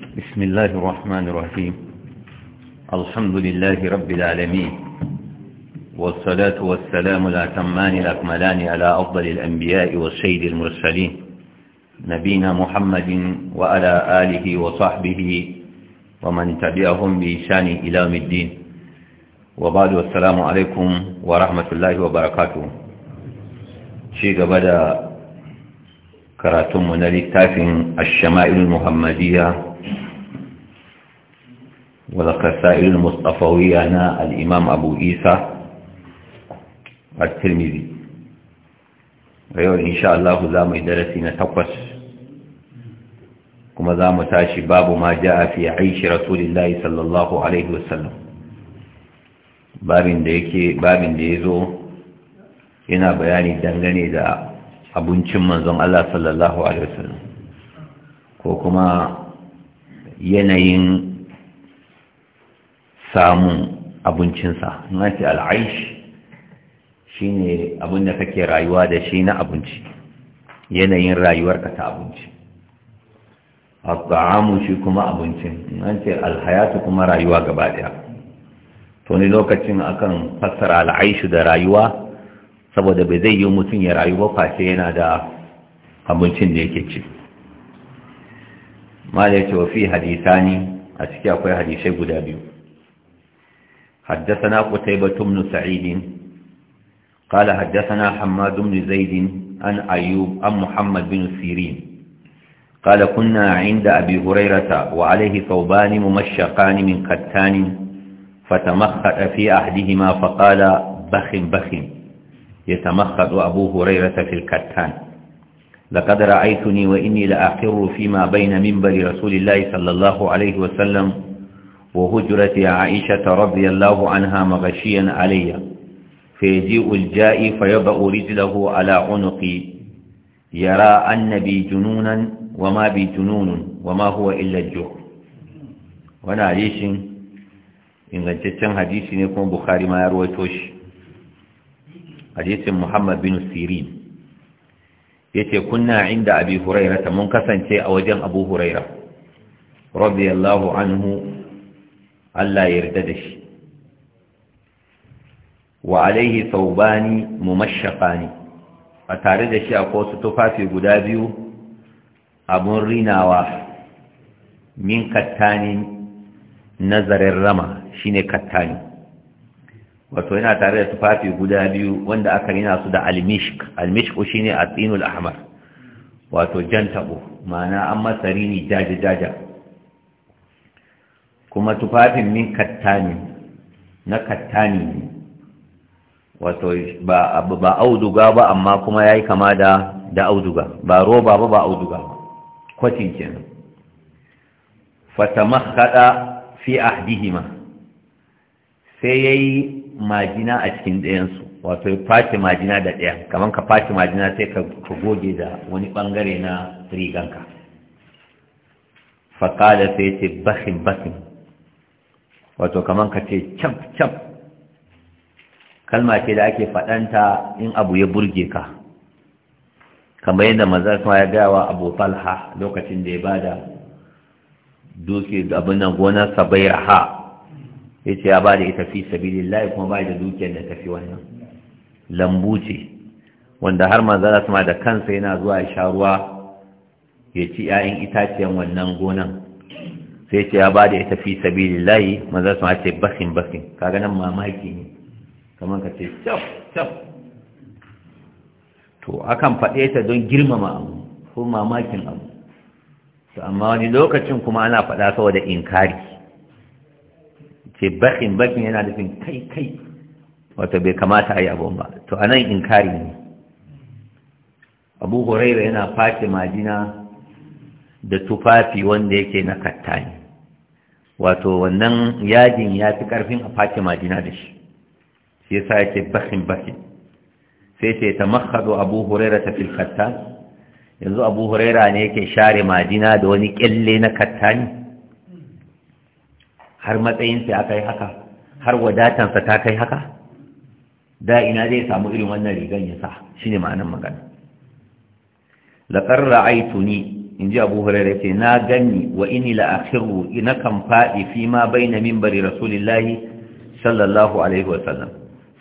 بسم الله الرحمن الرحيم الحمد لله رب العالمين والصلاة والسلام الأتمان الأكملان على أفضل الأنبياء والسيد المرسلين نبينا محمد وعلى آله وصحبه ومن تبعهم بإشان إلى الدين وبعد والسلام عليكم ورحمة الله وبركاته شيء بدأ كراتم na littafin الشمائل المحمدية والقصائد المصطفوية هنا الإمام أبو إيسى الترمذي ويقول إن شاء الله زام درسنا تقص كما زام تاشي باب ما جاء في عيش رسول الله صلى الله عليه وسلم babin da yake babin da ya zo yana bayani dangane da abincin manzon Allah sallallahu Alaihi wasallam ko kuma yanayin samun abincinsa na ce al'aish shi ne abin da kake rayuwa da shi na abinci yanayin rayuwarka ta abinci a ta'amu shi kuma abincin an ce alhayatu kuma rayuwa gaba daya to ne lokacin akan fassara al'aishu da rayuwa saboda bai zai yi mutum ya rayu ba face yana da abincin da yake ci ma da ya ce wa fi hadisani a ciki akwai hadisai guda biyu حدثنا قتيبة بن سعيد قال حدثنا حماد بن زيد عن أيوب عن محمد بن سيرين قال كنا عند أبي هريرة وعليه ثوبان ممشقان من كتان فتمخط في أحدهما فقال بخ بخ يتمخط أبو هريرة في الكتان لقد رأيتني وإني لأقر فيما بين منبر رسول الله صلى الله عليه وسلم وهجرة عائشة رضي الله عنها مغشيا علي فيجيء الجائي فيضع رجله على عنقي يرى أن بي جنونا وما بي جنون وما هو إلا الجوع وانا عليش إن غنتشن حديثي نكون بخاري ما يرويتوش حديث محمد بن السيرين يتي كنا عند أبي هريرة منكسا شيء أوجه أبو هريرة رضي الله عنه Allah ya yarda da shi wa alaihi saubani mumashshaqani a tare da shi a kosu tufafi guda biyu abun rinawa min kattani nazarin rama shine kattani wato yana tare da tufafi guda biyu wanda aka rina su da almishk almishk shine atsinul ahmar wato jan tabo ma'ana an masa rini jaja jaja kuma tufafin min kattani na kattani ne wato ba auduga ba amma kuma yayi kama da da auduga ba roba ba ba auduga ba kwatin kenan fatamakhada fi ahdihima sai yayi majina a cikin ɗayansu wato ya fashe majina da ɗaya kamar ka fashe majina sai ka goge da wani ɓangare na riganka faƙada sai ce bakin bakin wato kamar ka ce cap cap kalma ce da ake faɗanta in abu ya burge ka kamar yadda manzar kuma ya gaya wa abu Falha, lokacin da ya ba da duki abin nan gonar sabaira raha ya ce ya bada ita fi sabilillahi kuma ba da dukiyar da tafi wannan lambu ce wanda har manzara kuma da kansa yana zuwa ya sha ruwa ya ci ‘ya'yan itaciyan wannan gonan sai ce ya ba da ita fi sabilillahi maza su ce bakin bakin Ka ganin mamaki ne kamar ka ce tsaf-tsaf to akan faɗe ta don girmama abu ko mamakin abu to amma wani lokacin kuma ana faɗa saboda inkari ce bakin bakin yana da nufin kai kai Wata bai kamata a yi abu ba to anan inkari ne abu huraira yana face majina da tufafi wanda yake na kattani wato wannan yajin ya fi ƙarfin a fake majina da shi shi yasa yake bakin bakin sai ce ta makhado abu huraira ta filkatta yanzu abu huraira ne yake share majina da wani ƙyalle na kattani har matsayinsa ya kai haka har wadatansa ta kai haka da ina zai samu irin wannan rigan ya sa shi ne ma'anin magana laƙar ra'aituni in ji abu hurairu ce na gani wa ini la'akhiru ina kan faɗi fi ma bai na mimbari rasulillahi sallallahu alaihi wasallam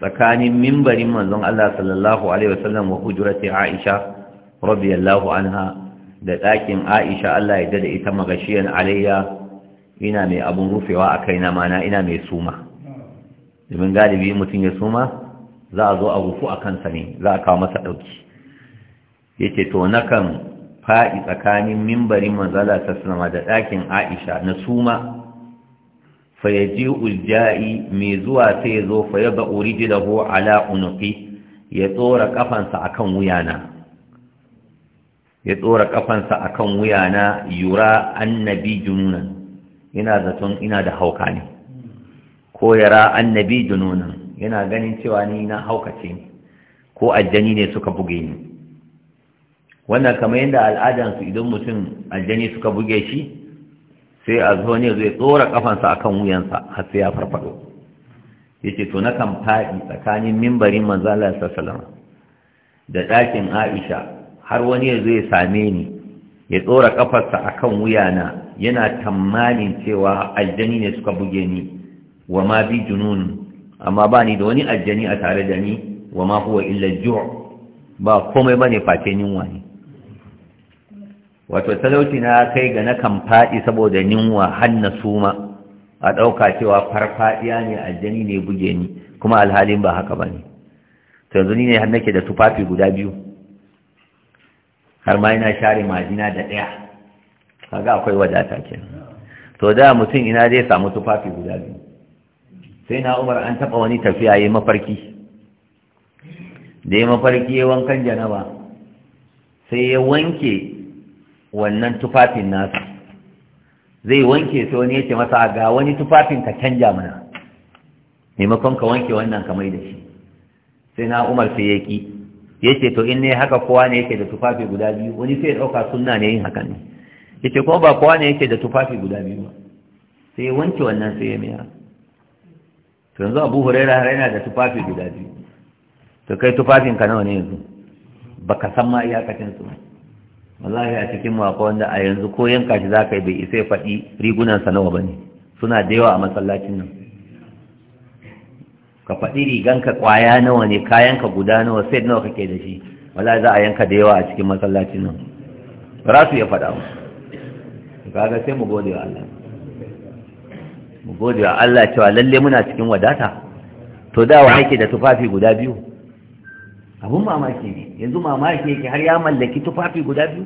tsakanin mimbarin manzon Allah sallallahu alaihi wasallam wa hujurati Aisha radiyallahu anha da ɗakin Aisha Allah ya dada ita magashiyan alayya ina mai abun rufewa a kaina mana ina mai suma domin galibi mutum ya suma za a zo a rufu a kansa ne za a kawo masa ɗauki yake to nakan faɗi tsakanin mimbarin manzala ta sama da ɗakin aisha na suma fa ya ji ulja'i mai zuwa sai ya zo fa ya ba urijilahu ala unuqi ya tsora kafansa akan wuyana ya tsora kafansa kan wuyana yura annabi jununan ina zaton ina da hauka ne ko yara annabi jununan yana ganin cewa ni na haukace ce, ko aljani ne suka buge ni wannan kamar yadda al'adansu idan mutum aljani suka buge shi sai a zo ne zai tsora kafansa kan wuyansa har sai ya farfado yace to na kan faɗi tsakanin mimbarin manzala sassalama da ɗakin Aisha har wani ya zo same ni ya tsora kafarsa kan wuyana yana tamanin cewa aljani ne suka buge ni wa ma bi junun amma ba ni da wani aljani a tare da ni wa ma huwa illa ju' ba komai bane face yunwa ne wato talauci na kai ga na kan faɗi saboda ninwa hanna suma a ɗauka cewa farfaɗiya ne aljani ne buge ni kuma alhalin ba haka ba ne yanzu ni ne har nake da tufafi guda biyu har ma yana share majina da ɗaya kaga akwai wadata ke to da mutum ina zai samu tufafi guda biyu sai na umar an taɓa wani tafiya ya mafarki da ya mafarki ya wankan janaba sai ya wanke wannan tufafin nasu zai wanke sai wani ya ce masa ga wani tufafin ka canja mana maimakon ka wanke wannan ka mai da shi sai na umar sai ya ki ya ce to in ne haka kowa ne yake da tufafi guda biyu wani sai ya ɗauka suna ne yin haka ne ya ce kuma ba kowa ne yake da tufafi guda biyu ba sai ya wanke wannan sai ya miya to yanzu abu huraira har yana da tufafi guda biyu to kai tufafin ka nawa ne yanzu baka san ma iyakacin su ba wallahi a cikin mako wanda a yanzu ko yanka shi za ka yi bai isa ya faɗi rigunansa nawa ba ne suna da yawa a masallacin nan ka faɗi riganka ƙwaya nawa ne kayanka guda nawa sai nawa kake da shi wallahi za a yanka da yawa a cikin masallacin nan ba su ya faɗa mu ga sai mu gode wa Allah mu gode wa Allah cewa lalle muna cikin wadata to da wa yake da tufafi guda biyu abun mamaki ne yanzu mamaki yake har ya mallaki tufafi guda biyu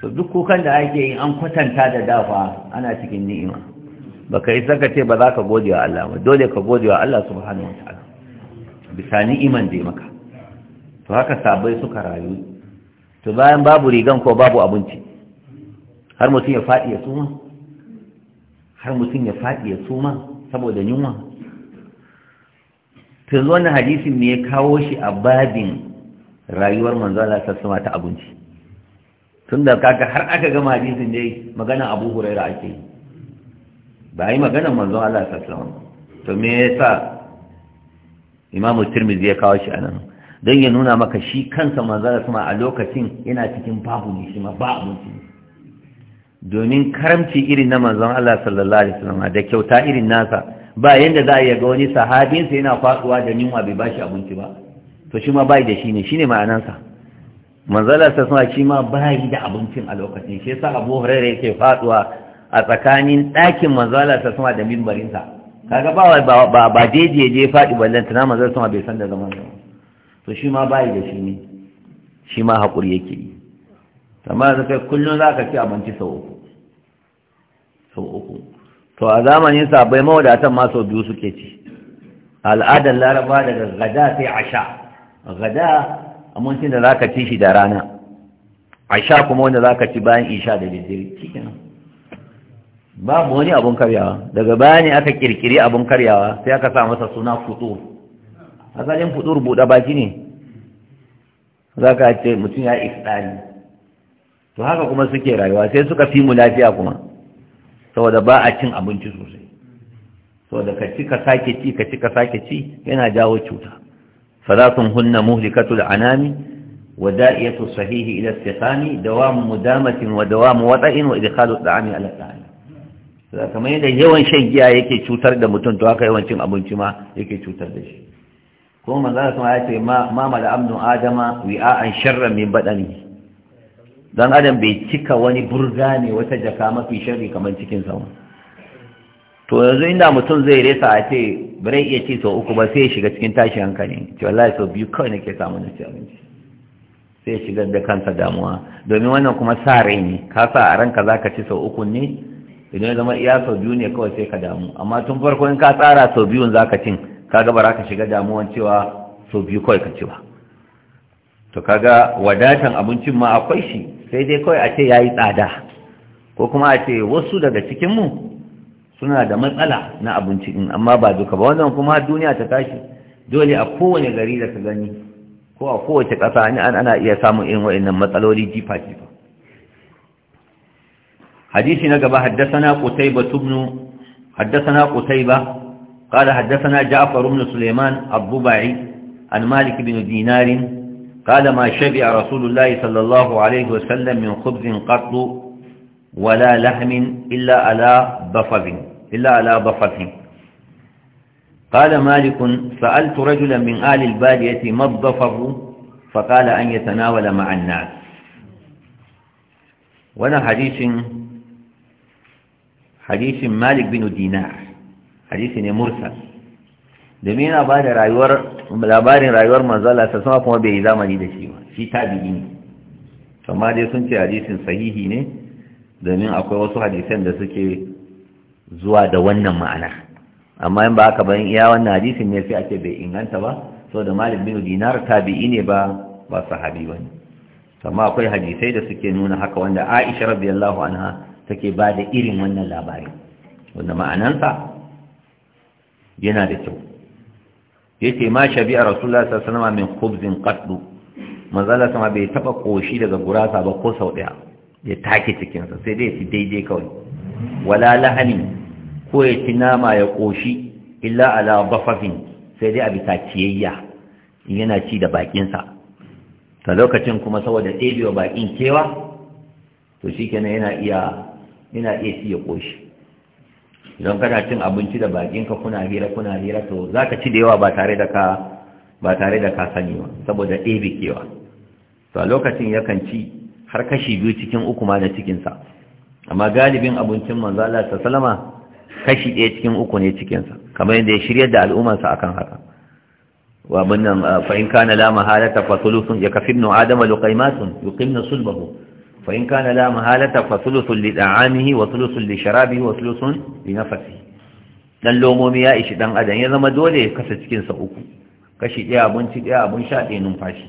to duk kukan da ake yin an kwatanta da dafa ana cikin ni'ima Ba ka yi saka ce ba za ka gode wa Allah ba dole ka gode wa Allah subhanahu ta'ala. bisa ni'iman da maka to haka sabai suka rayu to bayan babu rigan ko babu abinci har mutum ya faɗi ya suma har mutum ya faɗi ya suma saboda yunwa to yanzu wannan hadisin ne ya kawo shi a babin rayuwar manzo Allah sassama ta abinci tun da kaga har aka gama hadisin ne magana Abu Huraira ake yi ba yi magana manzo Allah sassama to me yasa Imam Tirmidhi ya kawo shi anan don ya nuna maka shi kansa manzo Allah sama a lokacin yana cikin babu ne shi ma ba abinci domin karamci irin na manzon Allah sallallahu alaihi wasallam da kyauta irin nasa ba yanda za a yi ga wani sahabinsa yana faduwa da yunwa bai bashi abinci ba to shi ma bai da shi ne shi ne ma'anansa manzala ta suna shi ma bai da abincin a lokacin shi sa abu hurairu yake faduwa a tsakanin ɗakin manzala ta suna da mimbarinsa kaga ba ba ba ba daidai je fadi ballan tana manzala ta bai san da zaman ba to shi ma bai da shi ne shi ma hakuri yake yi amma zaka kullun zaka ci abinci sau uku sau uku to a zamanin sabai mawadatan ma biyu suke ci al'adar laraba daga gada sai asha gada amincin da za ka ci shi da rana asha kuma wanda za ka ci bayan isha da jirgin. cikin babu wani abun karyawa daga bayani aka kirkiri abun karyawa sai aka sa masa suna futur asalin futur rubuta baki ne za ka ce mutum ya iftari to haka kuma suke rayuwa sai suka fi mu lafiya kuma saboda ba a cin abinci sosai saboda ka ci ka sake ci ka ci ka sake ci yana jawo cuta salatun hunna muhlikatu anami wa da'iyatu sahihi ila istiqami dawam mudamatin wa dawam wada'in wa idkhalu at'ami ala at'ami saboda kamar yadda yawan shan giya yake cutar da mutum to haka yawan cin abinci ma yake cutar da shi kuma manzo Allah ya ce ma ma mala'amnu adama an sharran min badani dan adam bai cika wani burga ne wata jaka mafi shari kamar cikin sa to yanzu inda mutum zai resa a ce bare iya ci sau uku ba sai ya shiga cikin tashin hankali ce wallahi sau biyu kawai nake samu na ci sai ya shigar da kansa damuwa domin wannan kuma sa rai ne ka sa a ranka za ka ci sau uku ne idan ya zama iya sau biyu ne kawai sai ka damu amma tun farko in ka tsara sau biyun za ka cin ka gaba za ka shiga damuwan cewa sau biyu kawai ka ci ba to kaga wadatan abincin ma akwai shi sai dai kawai a ce ya yi tsada ko kuma a ce wasu daga cikinmu suna da matsala na abinci in amma ba duka ba wannan kuma duniya ta tashi dole a kowane gari da ta gani ko a kowace ƙasa an ana iya samun irin wa'annan matsaloli jifa jifa hadisi na gaba haddasana qutayba ibn ba qutayba haddasana حدثنا جعفر بن abu ba'i an Malik bin دينار قال ما شبع رسول الله صلى الله عليه وسلم من خبز قط ولا لحم إلا على بفظ إلا على بفظ قال مالك سألت رجلا من آل البادية ما الضفر فقال أن يتناول مع الناس وانا حديث حديث مالك بن دينار حديث مرسل domin yana ba da rayuwar labarin rayuwar manzala ta sama kuma bai yi zamani da shi ba shi tabi'i ne amma dai sun ce hadisin sahihi ne domin akwai wasu hadisan da suke zuwa da wannan ma'ana amma in ba haka ba iya wannan hadisin ne sai ake bai inganta ba saboda malik bin dinar tabi'i ne ba ba sahabi ba ne amma akwai hadisai da suke nuna haka wanda aisha radiyallahu anha take ba da irin wannan labarin wanda ma'anansa yana da kyau yace ma shabi'a rasulullah sallallahu alaihi wasallam min khubzin qaddu mazala sama bai taba koshi daga gurasa ba ko sau daya ya take cikin sa sai dai ya daidai kawai wala lahani ko ya ci nama ya koshi illa ala bafafin sai dai a bisa ciyayya yana ci da bakinsa ta lokacin kuma saboda ɗebewa bakin kewa to shikenan yana iya yana iya ya ƙoshi idan kana cin abinci da bakinka kuna hira kuna hira to zaka ci da yawa ba tare da ka ba sani ba saboda ɗebe kewa to a lokacin yakan ci har kashi biyu cikin uku ma na cikinsa amma galibin abincin manzo Allah ta salama kashi ɗaya cikin uku ne cikinsa kamar yadda ya shirya da al'ummarsa akan haka wa bannan fa in kana la mahalata fa thuluthun yakfibnu adama luqaymatun yuqimna sulbahu fa na kana la mahalata fa wa thuluthun li wa thuluthun li dan lomomi ya ishi dan adam ya zama dole ya kasa cikinsa uku kashi daya abinci daya abun sha daya numfashi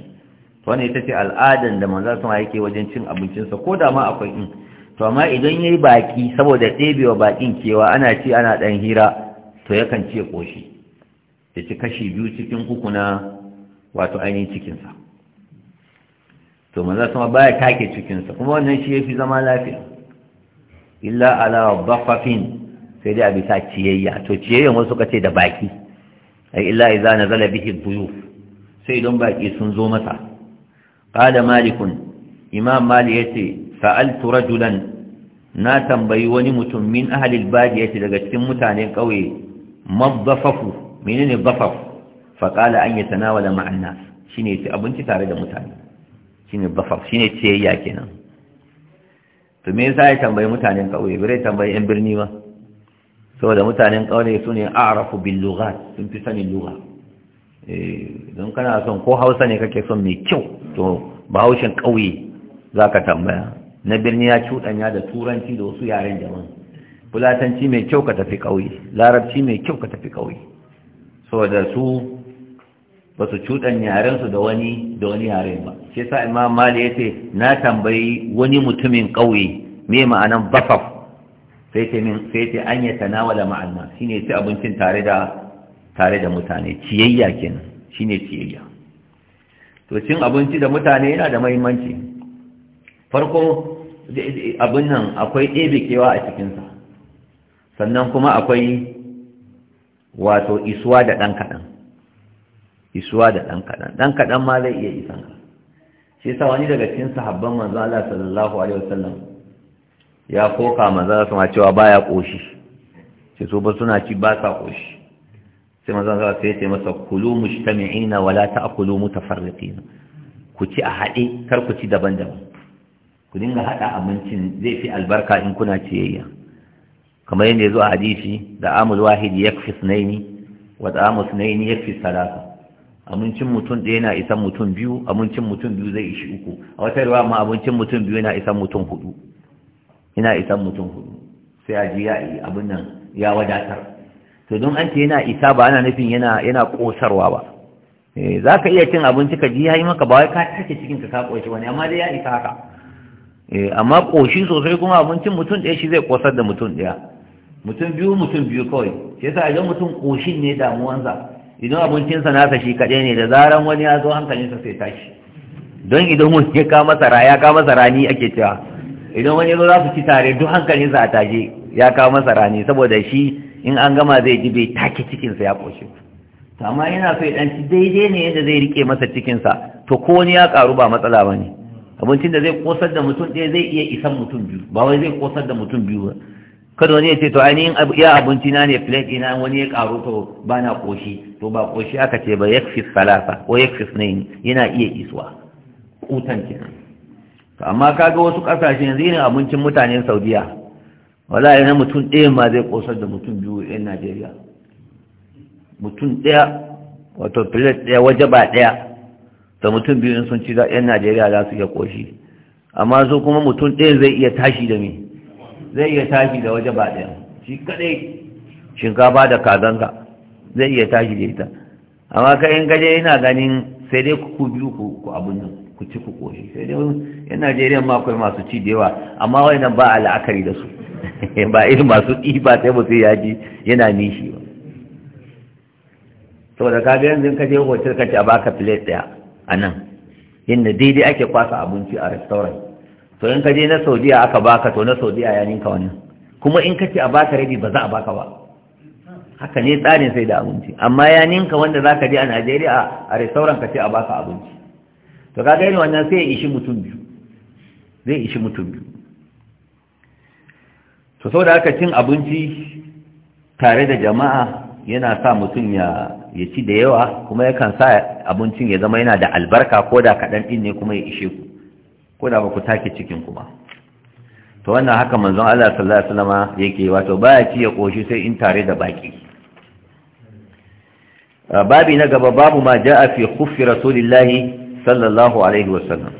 to wannan ita ce al'adan da manzo sun yake wajen cin abincinsa, ko da akwai in to amma idan yayi baƙi saboda ɗebewa bakin kewa ana ci ana dan hira to yakan ci ya koshi ya ci kashi biyu cikin uku na wato ainihin cikinsa to manzo sama baya take cikinsa kuma wannan shi yafi zama lafiya illa ala dhafafin sai dai a bisa ciyayya to ciyayya wasu suka ce da baki a illa na zala bihi buyu. sai don baki sun zo masa Kada malikun imam mali yace sa'altu rajulan na tambayi wani mutum min ahli albadi yace daga cikin mutanen ƙauye madhafafu menene bafaf? fa qala tanawala ma'ana ma'an nas shine yace abinci tare da mutane shine basar shine ciyayya kenan to me yasa ya tambayi mutanen kauye bare tambayi yan birni ba saboda mutanen kauye su ne a'rafu bil lughat sun fi sanin lugha eh don kana son ko Hausa ne kake son mai kyau to bahaushen kauye ka tambaya na birni ya cuɗanya da turanci da wasu yaren jama'a fulatanci mai kyau ka tafi kauye larabci mai kyau ka tafi kauye saboda su ba su cuɗan yarensu da wani da wani yare ba shi sa imam mali ya ce na tambayi wani mutumin ƙauye me ma'anan bafaf. sai ce min sai ce an yi tanawala shine ci abincin tare da tare da mutane ciyayya kenan shine ciyayya to cin abinci da mutane yana da muhimmanci farko abin nan akwai kewa a cikinsa sannan kuma akwai wato isuwa da ɗan kaɗan isuwa da ɗan kaɗan ɗan kaɗan ma zai iya isan ka shi sa wani daga cikin sahabban manzo Allah sallallahu alaihi wasallam ya koka manzo Allah sama cewa baya koshi sai so ba suna ci ba sa koshi sai manzo Allah sai ya ce masa kulu mujtami'ina wala ta'kulu mutafarriqina ku ci a haɗe kar ku ci daban-daban ku dinga haɗa abincin zai fi albarka in kuna ciyayya kamar yadda ya zo a hadisi da amul wahid yakfi sunaini wa da amul sunaini yakfi salasa abincin mutum ɗaya na isan mutum biyu abincin mutum biyu zai ishi uku a wata ruwa ma abincin mutum biyu na isan mutum hudu yana isan mutum hudu sai a ji ya yi abin nan ya wadatar to don an ce yana isa ba ana nufin yana yana kosarwa ba eh, za ka iya cin abinci ka ji ya yi maka ba wai ka take cikin ka koshi wani amma dai ya isa haka eh, amma koshi sosai kuma abincin mutum ɗaya shi zai kosar da mutum ɗaya mutum biyu mutum biyu kawai sai a idan mutum koshin ne damuwansa idan abincinsa nasa shi kaɗai ne da zaran wani ya zo hankalinsa sai tashi don idan wani ya kama masa ya ake cewa idan wani ya zo za su ci tare duk hankalinsa a tashi ya kama masa rani saboda shi in an gama zai ji bai take cikinsa ya ƙoshi amma yana so ya ɗan ci daidai ne yadda zai rike masa cikinsa to ko wani ya ƙaru ba matsala ba ne abincin da zai ƙosar da mutum ɗaya zai iya isan mutum biyu ba wai zai ƙosar da mutum biyu ba kada wani ya ce to ainihin ya abinci na ne plate ina wani ya karu to ba na koshi to ba koshi aka ce ba fi salasa ko fi sunayin yana iya isuwa kutan kenan to amma kaga wasu kasashe yanzu yin abincin mutanen saudiya wala na mutum ɗaya ma zai kosar da mutum biyu yan najeriya mutum ɗaya wato plate ɗaya waje ba ɗaya da mutum biyu sun ci yan najeriya za su iya koshi amma su kuma mutum ɗaya zai iya tashi da mai zai iya tashi da waje ba ɗaya shi kaɗai shinkafa da kazanka zai iya tashi da ita amma kai in gaje yana ganin sai dai ku biyu ku abin nan ku ci ku koshi sai dai yan najeriya ma akwai masu ci da yawa amma wannan ba a la'akari da su ba irin masu ɗiba sai mutum ya ji yana nishi ba saboda ka ga yanzu ka je hotel ka ci a baka plate ɗaya a nan yadda daidai ake kwasa abinci a restaurant to in ka je na saudiya aka baka to na saudiya ya ninka wani kuma in ka ce a baka rabi ba za a baka ba haka ne tsarin sai da abinci amma ya ninka wanda za ka je a najeriya a restaurant ka ce a baka abinci to ka gani wannan sai ya ishi mutum biyu zai ishi mutum biyu to sau da aka cin abinci tare da jama'a yana sa mutum ya ci da yawa kuma yakan sa abincin ya zama yana da albarka ko da kaɗan ɗin ne kuma ya ishe ku ko da ba ku take cikin ku ba to wannan haka manzon Allah sallallahu alaihi wasallama yake wato baya ci ya koshi sai in tare da baki babi na gaba babu ma ja'a fi khuffi rasulillahi sallallahu alaihi wasallam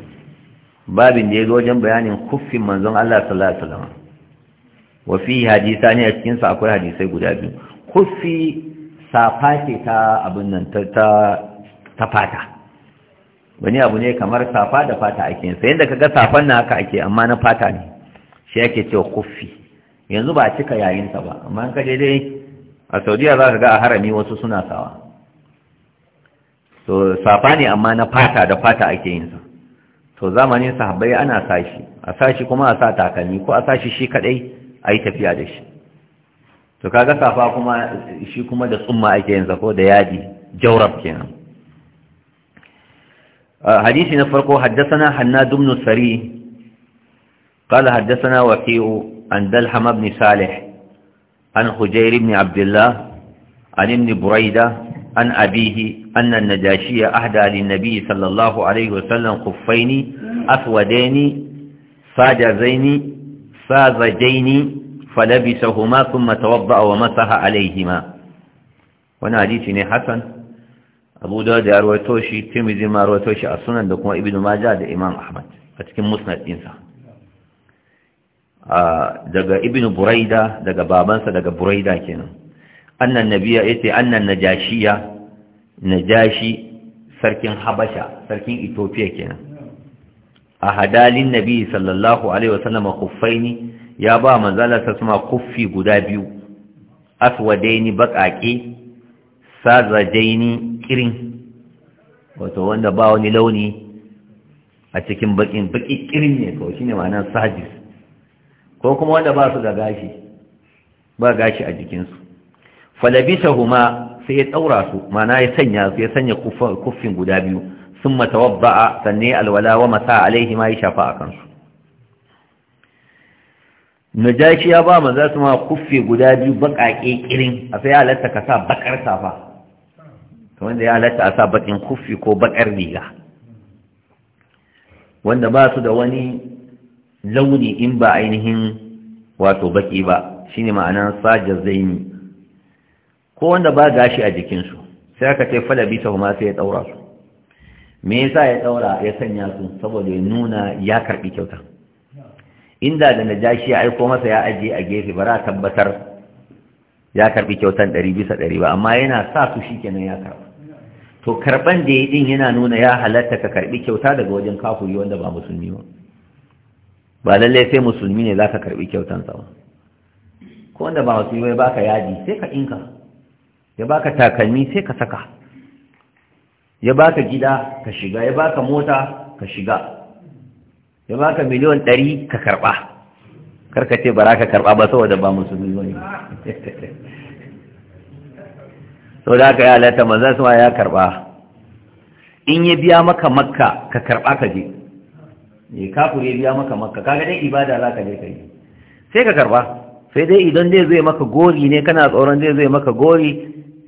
babin da ya wajen bayanin kuffin manzon Allah sallallahu alaihi wasallama wa fi hadisani a cikin sa akwai hadisai guda biyu khuffi safa ce ta abin nan ta ta fata wani abu ne kamar safa da fata ake yin sai ka kaga safan na haka ake amma na fata ne shi yake cewa kuffi yanzu ba a cika yayinsa ba amma ka je a Saudiya za ka ga a harami wasu suna sawa to safa ne amma na fata da fata ake yinsa, sa to zamanin sahabbai ana sashi a sashi kuma a sa takalmi ko a sashi shi kadai a yi tafiya da shi to kaga safa kuma shi kuma da tsumma ake yin ko da yadi jawrab kenan hadisi na farko haddasana hannad ibn sari قال حدثنا وكيع عن دلحم بن صالح عن حجير بن عبد الله عن ابن بريدة عن أبيه أن النجاشية أهدى للنبي صلى الله عليه وسلم خفين أسودين ساجزين ساذجين فلبسهما ثم توضأ ومسح عليهما وانا حديثني حسن abu da ya rawaito shi tirmidhi ma rawaito shi a sunan da kuma Ibn majah da imam ahmad a cikin musnad ɗinsa daga ibnu buraida daga babansa daga buraida kenan annan nabiya yace annan najashiya najashi sarkin habasha sarkin ethiopia kenan a hadalin nabi sallallahu alaihi wasallam khuffaini ya ba manzala kuma kuffi guda biyu aswadaini baqaqi sazajaini kirin wato wanda ba wani launi a cikin bakin baki kirin ne ko shine ma'anar sajis ko kuma wanda ba su da gashi ba gashi a jikinsu falabisa huma sai ya daura su mana ya sanya su ya sanya kuffin guda biyu sun matawabba'a sannan alwala wa masa alaihi ma ya shafa a kansu najashi ya ba maza su ma kuffi guda biyu baƙaƙe kirin a sai halatta ka sa bakar safa wanda ya halatta a sa bakin kufi ko bakar riga wanda ba su da wani launi in ba ainihin wato baki ba shine ma'anar sajar zaini ko wanda ba gashi a jikinsu sai aka ce falabi ta kuma sai ya daura su me yasa ya daura ya sanya su saboda ya nuna ya karbi kyauta inda da najashi ya aiko masa ya ajiye a gefe bara tabbatar ya karbi kyautan 100 bisa ɗari ba amma yana sa su kenan ya karba to karban da ya yi yana nuna ya halatta ka karbi kyauta daga wajen kafuri wanda ba musulmi ba ba lallai sai musulmi ne za ka karbi kyautan sa ko wanda ba musulmi ba baka yaji sai ka inka ya baka takalmi sai ka saka ya baka gida ka shiga ya baka mota ka shiga ya baka miliyon ɗari ka karba karkace ce ba za ka karba ba saboda ba musulmi ba ne sau da aka yi halatta manzan ma ya karba in ya biya maka makka ka karba ka je ne kafin ya biya maka makka kaga dai ibada za ka je ka yi sai ka karba sai dai idan zai zai maka gori ne kana tsoron zai zai maka gori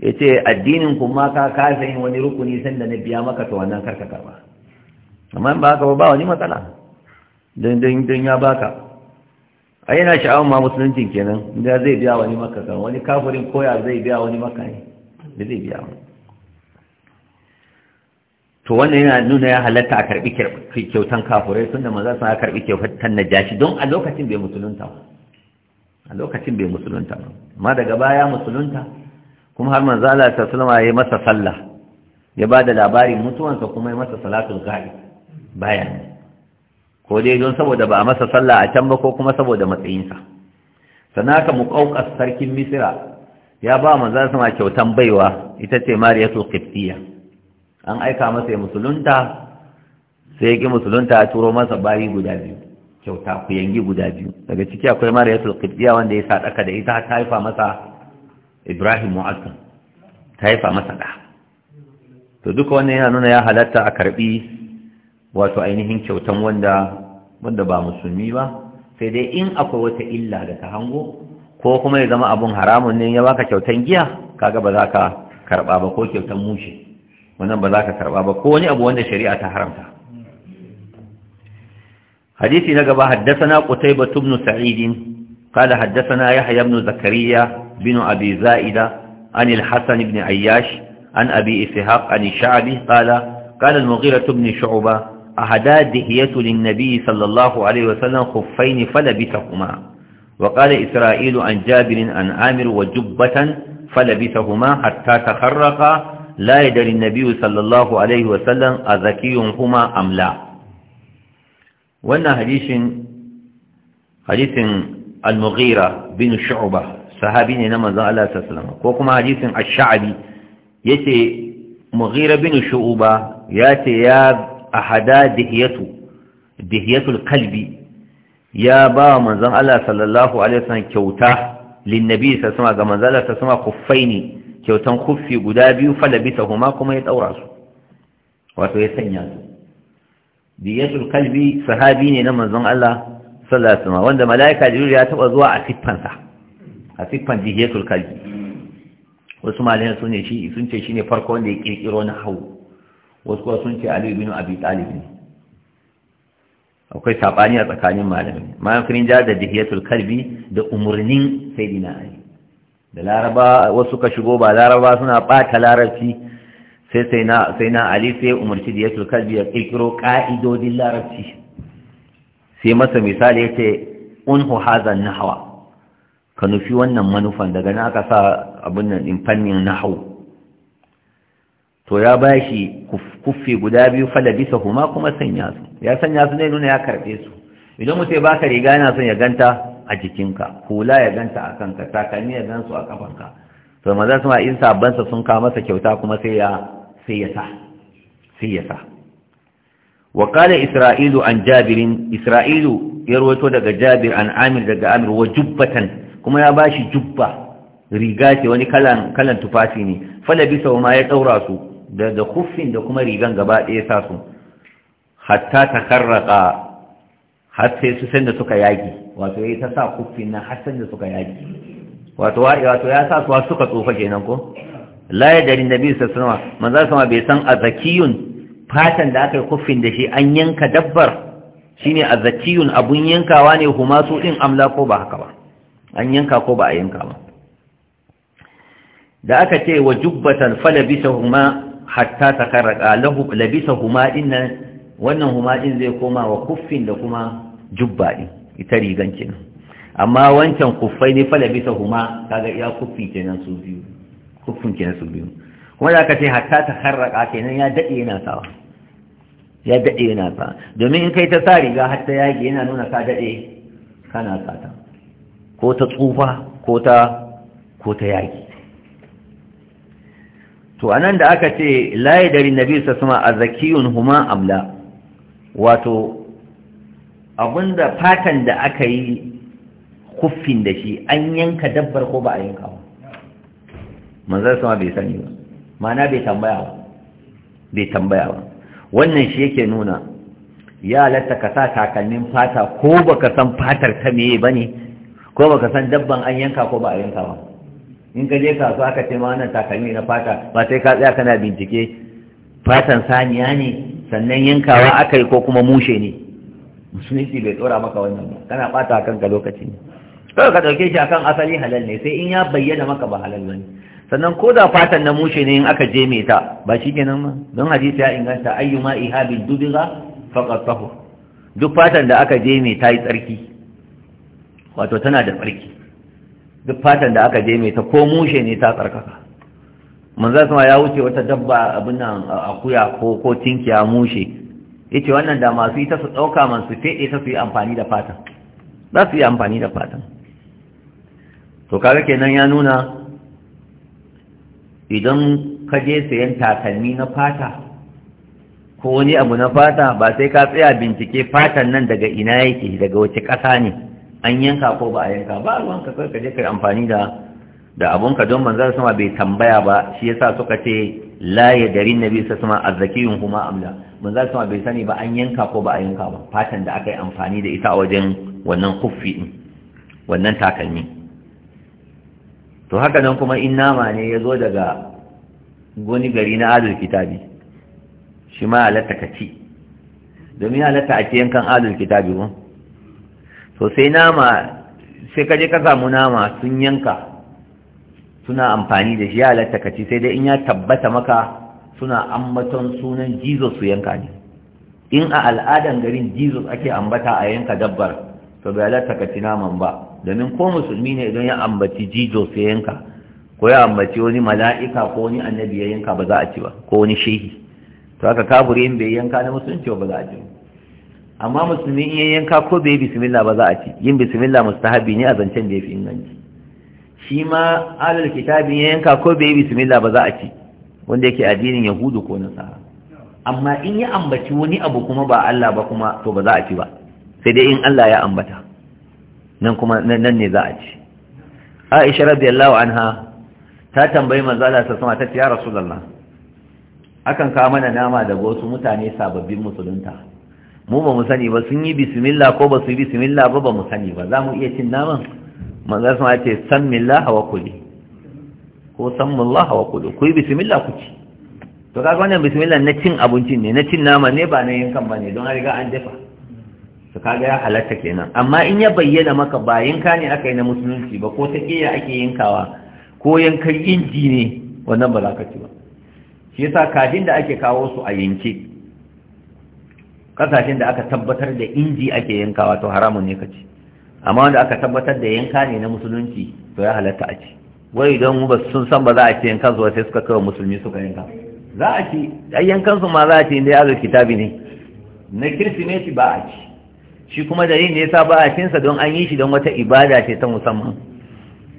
ya ce addinin kuma ka kasa yin wani rukuni sanda na biya maka ta wannan karka karba amma ba ka ba wani matsala don ya baka a yana sha'awar ma musuluncin kenan da zai biya wani maka kan wani kafirin koya zai biya wani maka ne da zai biya mu to wannan yana nuna ya halatta a karbi kyautan kafurai tun da maza suna karbi kyautan jashi? don a lokacin bai musulunta ba a lokacin bai musulunta ba amma daga baya musulunta kuma har manzo Allah ta sallama ya masa sallah ya ba da labarin mutuwansa kuma ya masa salatul ghaib bayan ko dai don saboda ba a masa sallah a can ba ko kuma saboda matsayinsa sanaka muqawqas sarkin Misira. ya ba manzan sama kyautan baiwa ita ce mariyatu qibtiyya an aika masa ya musulunta sai ya ƙi musulunta a turo masa bayi guda biyu kyauta ku yangi guda biyu daga ciki akwai mariyatu qibtiyya wanda ya sadaka da ita ta haifa masa ibrahim mu'azzam ta haifa masa da to duka wannan yana nuna ya halatta a karbi wato ainihin kyautan wanda wanda ba musulmi ba sai dai in akwai wata illa da ta hango ko kuma ya zama abun haramun ne ya baka kyautan giya kaga ba za ka karba ba ko kyautan mushi wannan ba za ka karba ba ko wani abu wanda shari'a ta haramta hadisi na gaba haddathana qutaybah ibn sa'id qala haddathana yahya Bnu zakariya bin Abizaida, za'ida an al ayyash an abi ishaq an sha'bi qala qala al-mughira ibn shu'bah ahadathiyatu lin-nabi sallallahu alayhi وقال إسرائيل عن جابر عن عامر وجبة فلبثهما حتى تخرقا لا يدري النبي صلى الله عليه وسلم أذكيهما أم لا وأن حديث حديث المغيرة بن شعبة صحابين نما ذا الله تسلم وكما حديث الشعبي يتي مغيرة بن شعبة ياتي يا أحدا دهيته دهية القلب ya ba wa manzon Allah sallallahu alaihi wasallam kyauta linnabi sa sama ga manzon Allah ta sama kuffaini kyautan kuffi guda biyu falabita huma kuma ya daura su wato ya sanya su diyatul kalbi sahabi ne na manzon Allah sallallahu alaihi wasallam wanda malaika jibril ya taba zuwa a siffan sa a siffan diyatul kalbi wasu malayan sun ce shi sun ce farko wanda ya kirkiro na hawo wasu kuma sun ce Ali bin Abi Talib ne akwai sabani a tsakanin malamai mafirin ja da dihiyatul kalbi da umarnin sayyidina ali da laraba wasu ka shigo ba laraba suna bata larabci sai sai na ali sai umarci dihiyatul kalbi ya kirkiro ƙa'idodin larabci sai masa misali yace unhu hazan nahwa ka nufi wannan manufan daga na aka sa abin nan fannin nahwu to ya bashi kuffi guda biyu falabisa huma kuma sanya su ya sanya su ne nuna ya karbe su idan mu ya baka riga yana son ya ganta a jikinka hula ya ganta a kanka takalmi ya gansu a kafanka to maza ma in sabansa sun kawo masa kyauta kuma sai ya sai ya sa sai ya sa wa qala isra'ilu an jabirin isra'ilu ya daga jabir an amir daga amir wa jubbatan kuma ya bashi jubba riga ce wani kalan kalan tufafi ne falabisa ma ya daura su da da kuffin da kuma rigan gaba ɗaya sa su hatta ta karraka har sai su sanda suka yaki wato yayi ta sa kuffin nan har sanda suka yaki wato wato ya sa su suka tsofa kenan ko la ya dari nabi sallallahu alaihi wasallam manzo sama bai san azakiyun fatan da aka yi kuffin da shi an yanka dabbar shine azakiyun abun yankawa ne kuma su din amla ko ba haka ba an yanka ko ba a yanka ba da aka ce wa jubbatan falabisahuma hatta takarraka lahu labisa huma inna wannan huma din zai koma wa kuffin da kuma jubba din ita rigan kenan amma wancan kuffai ne fa labisa huma kaga ya kuffi kenan su biyu kuffin kenan su biyu kuma da ka ce hatta takarraka kenan ya dade yana sawa ya dade yana sawa domin in kai ta sa riga hatta yage yana nuna ka dade kana sata ko ta tsufa ko ta ko ta yaki to anan da aka ce laye dari nabi sassama a zakiyun huma amla wato abinda fatan da aka yi kuffin da shi an yanka dabbar ko ba a yanka ba manzan sama bai sani ba mana bai tambaya ba bai tambaya ba wannan shi yake nuna ya halatta ka sa takalmin fata ko baka san fatar ta meye bane ko baka san dabban an yanka ko ba a yanka ba in ka je kasuwa aka ce ma wannan takalmi na fata ba sai ka tsaya kana bincike fatan saniya ne sannan yankawa aka yi ko kuma mushe ne musulunci bai tsora maka wannan ba kana bata kanka lokaci ne kawai ka ɗauke shi akan asali halal ne sai in ya bayyana maka ba halal ba ne sannan ko da fatan na mushe ne in aka je mai ta ba shi kenan ma don hadisi ya inganta ayyuma ihabin dubiga faqat tahur duk fatan da aka je mai ta yi tsarki wato tana da tsarki duk fatan da aka je mai ta ko mushe ne ta tsarkaka manzan sama ya wuce wata dabba abin nan akuya ko ko tinkiya mushe yace wannan da masu ita su dauka man su fede ta su yi amfani da fatan za su yi amfani da fatan to kaga kenan ya nuna idan ka je sayan takalmi na fata ko wani abu na fata ba sai ka tsaya bincike fatan nan daga ina yake daga wace ƙasa ne an yanka ko ba a yanka ba ruwanka kai ka je kai amfani da da abunka don manzon sama bai tambaya ba shi yasa suka ce la ya dari nabi sa sama azzakiyun kuma amla manzon sama bai sani ba an yanka ko ba a yanka ba fatan da aka yi amfani da ita a wajen wannan kuffi din wannan takalmi to haka nan kuma in nama ne ya zo daga goni gari na adul kitabi shi ma halatta ka ci domin halatta a ci yankan adul kitabi ba to sai nama sai kaje ka samu nama sun yanka suna amfani da shi ya halatta ka ci sai dai in ya tabbata maka suna ambaton sunan jesus su yanka ne in a al'adan garin jesus ake ambata a yanka dabbar to bai halatta ka ci naman ba domin ko musulmi ne idan ya ambaci jesus su yanka ko ya ambaci wani mala'ika ko wani annabi ya yanka ba za a ci ba ko wani shehi to haka kaburi in bai yanka na musulunci ba za a ci ba amma musulmi iya yanka ko bai bismillah ba za a ci yin bismillah mustahabi ne a zancen da ya fi inganci shi ma alal kitabin ya yanka ko bai bismillah ba za a ci wanda yake addinin yahudu ko nasara amma in ya ambaci wani abu kuma ba Allah ba kuma to ba za a ci ba sai dai in Allah ya ambata nan kuma nan ne za a ci Aisha radiyallahu anha ta tambayi manzo Allah sallallahu alaihi wasallam ta ce ya Rasulullah akan kawo mana nama daga wasu mutane sababbin musulunta mu ba mu sani ba sun yi bismillah ko ba su yi bismillah ba ba mu sani ba za mu iya cin naman manzan sama ce san milla hawa kuli ko san mullah hawa kuli ku yi bismillah ku ci to kaga wannan bismillah na cin abincin ne na cin nama ne ba na yankan ba ne don a riga an dafa to kaga ya halatta kenan amma in ya bayyana maka ba yanka ne aka yi na musulunci ba ko ta ake yankawa ko yankan inji ne wannan ba za ka ci ba shi yasa kajin da ake kawo su a yanke kasashen da aka tabbatar da inji ake yankawa to haramun ne kace amma wanda aka tabbatar da yanka ne na musulunci to ya halatta a ci wai idan ba sun san ba za a ci yankan su sai suka kawo musulmi suka yanka za a ci ai yankan su ma za a ci inda ya kitabi ne na kirsimeti ba a ci shi kuma dalilin ne yasa ba a cin sa don an yi shi don wata ibada ce ta musamman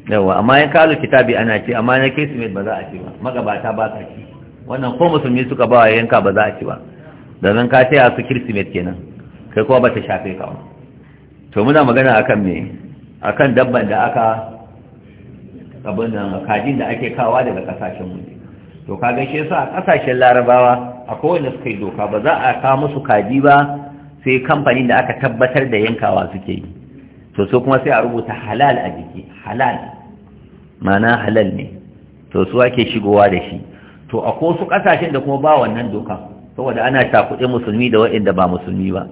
yawa amma yanka kalu kitabi ana ci amma na kirsimeti ba za a ci ba magabata ba ka ci wannan ko musulmi suka ba yanka ba za a ci ba da zan ka a su kirsimet kenan kai kuma ba ta shafe ka to muna magana akan me akan dabban da aka abin da kajin da ake kawa daga kasashen waje to ka gaishe su a kasashen larabawa a kowane suka yi doka ba za a kawo musu kaji ba sai kamfanin da aka tabbatar da yankawa suke yi to so kuma sai a rubuta halal a jiki halal mana halal ne to su ake shigowa da shi to a ko su kasashen da kuma ba wannan doka saboda ana takuɗe musulmi da waɗanda ba musulmi ba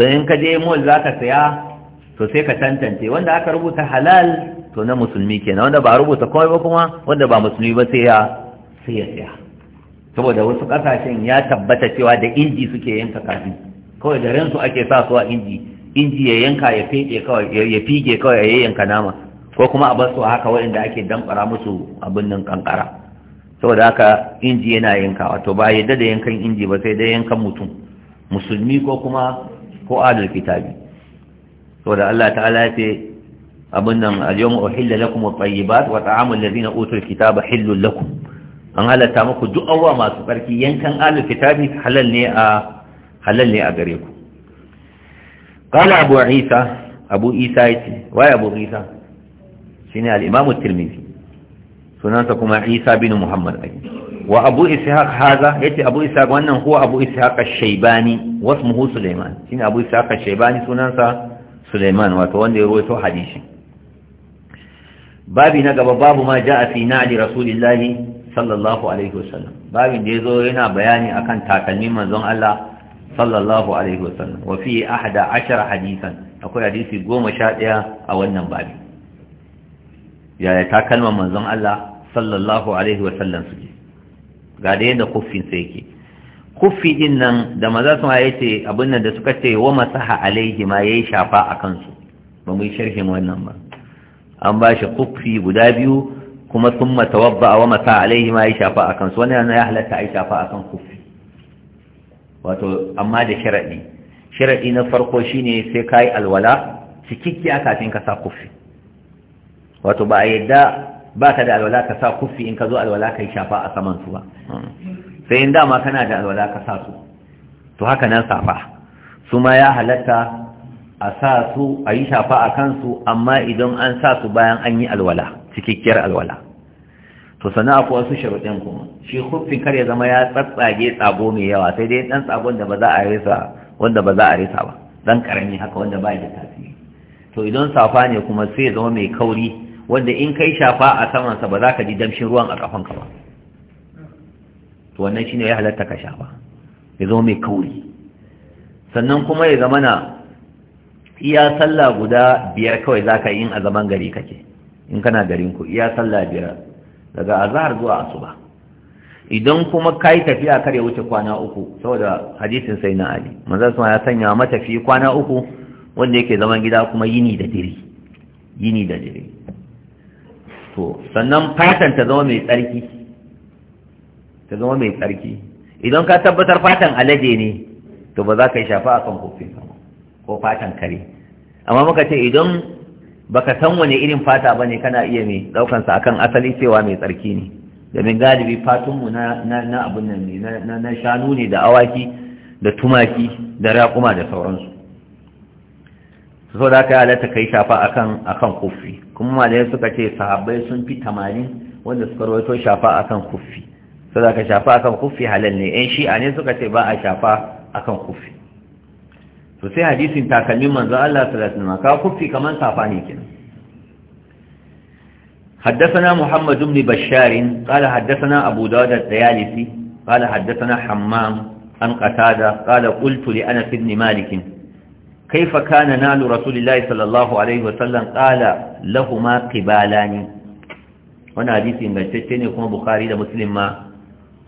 sai in ka je mall za ka saya to sai ka tantance wanda aka rubuta halal to na musulmi kenan wanda ba rubuta komai ba kuma wanda ba musulmi ba sai ya sai ya saya saboda wasu kasashen ya tabbata cewa da inji suke yanka kafin kawai da ransu ake sa su a inji inji ya yanka ya fege kawai ya fige kawai ya yanka nama ko kuma a bar haka waɗanda ake damfara musu abin nan kankara saboda haka inji yana yanka wato ba yadda da yankan inji ba sai dai yankan mutum musulmi ko kuma ko adal kitabi saboda Allah ta'ala ya ce abin nan al-yawma uhilla lakum at-tayyibat wa ta'amu alladhina utul kitaba hillul lakum an halatta muku duk abubuwa masu barki yankan adal kitabi halal ne a halal ne a gare ku qala abu isa abu isa yace wai abu isa shine al-imam sunansa kuma isa bin muhammad ai wa abu ishaq haza yace abu ishaq wannan huwa abu ishaq ash-shaybani wasmuhu sulaiman shine abu ishaq ash-shaybani sunansa sulaiman wato wanda ya rawaito hadisi babi na gaba babu ma jaa fi na'li rasulillahi sallallahu alaihi wasallam babin da yazo yana bayani akan takalmin manzon Allah sallallahu alaihi wasallam wa fi ahada ashara hadisan akwai hadisi 11 a wannan babi yaya takalman manzon Allah sallallahu alaihi wasallam suke ga da yadda kuffinsa yake kuffi din nan da maza su ma ce, abin nan da suka ce wa masaha alaihi ma yayi shafa a kansu ba mu yi sharhin wannan ba an ba shi kuffi guda biyu kuma sun matawabba wa masa alaihi ma yayi shafa a kansu Wani wannan ya halatta ai shafa a kan kuffi wato amma da sharaɗi. Sharaɗi na farko shine sai ka yi alwala cikikkiya kafin ka sa kuffi wato ba a yadda ba ka da alwala ka sa kufi in ka zo alwala ka yi shafa a saman su ba sai in dama kana da alwala ka sa su to haka nan safa su ma ya halatta a sa su a yi shafa a kansu amma idan an sa su bayan an yi alwala cikakkiyar alwala to sana ku wasu sharuɗin kuma shi kufin kar ya zama ya tsatsage tsago mai yawa sai dai ɗan tsagon da ba za a resa wanda ba za a resa ba ɗan ƙarami haka wanda ba da tasiri to idan safa ne kuma sai ya zama mai kauri wanda in kai shafa a samansa ba za ka ji damshin ruwan a kafanka ba to wannan shine ya halatta ka shafa ya zama mai kauri sannan kuma ya zama na iya sallah guda biyar kawai za ka yi a zaman gari kake in kana garin ku iya sallah biyar daga azahar zuwa asuba idan kuma ka yi tafiya kar ya wuce kwana uku saboda hadisin sai na ali manzan suna ya sanya matafi kwana uku wanda yake zaman gida kuma yini da diri yini da diri to sannan fatan ta zama mai tsarki ta zama mai tsarki idan ka tabbatar fatan alaje ne to ba za ka yi shafa a kan kofin ko fatan kare amma muka ce idan baka san wani irin fata ba ne kana iya mai daukansa akan asali cewa mai tsarki ne domin galibi fatunmu na abin nan ne na shanu ne da awaki da tumaki da raƙuma da sauransu so da ka halatta kai shafa akan kan kufi kuma malai suka ce sahabbai sun fi 80 wanda suka rawaito shafa akan kufi so da aka shafa akan kufi halal ne ɗan shi'a ne suka ce ba a shafa akan kufi to sai hadisin takalmin manzo Allah sallallahu alaihi wasallam ka kufi kaman safa ne kenan حدثنا محمد بن بشار قال حدثنا أبو داود الديالسي قال حدثنا حمام عن قتادة قال قلت لأنس بن مالك kaifa kana nalu rasulillahi sallallahu alaihi wasallam qala lahumā qibalani wannan hadisi ingantacce ne kuma bukhari da muslim ma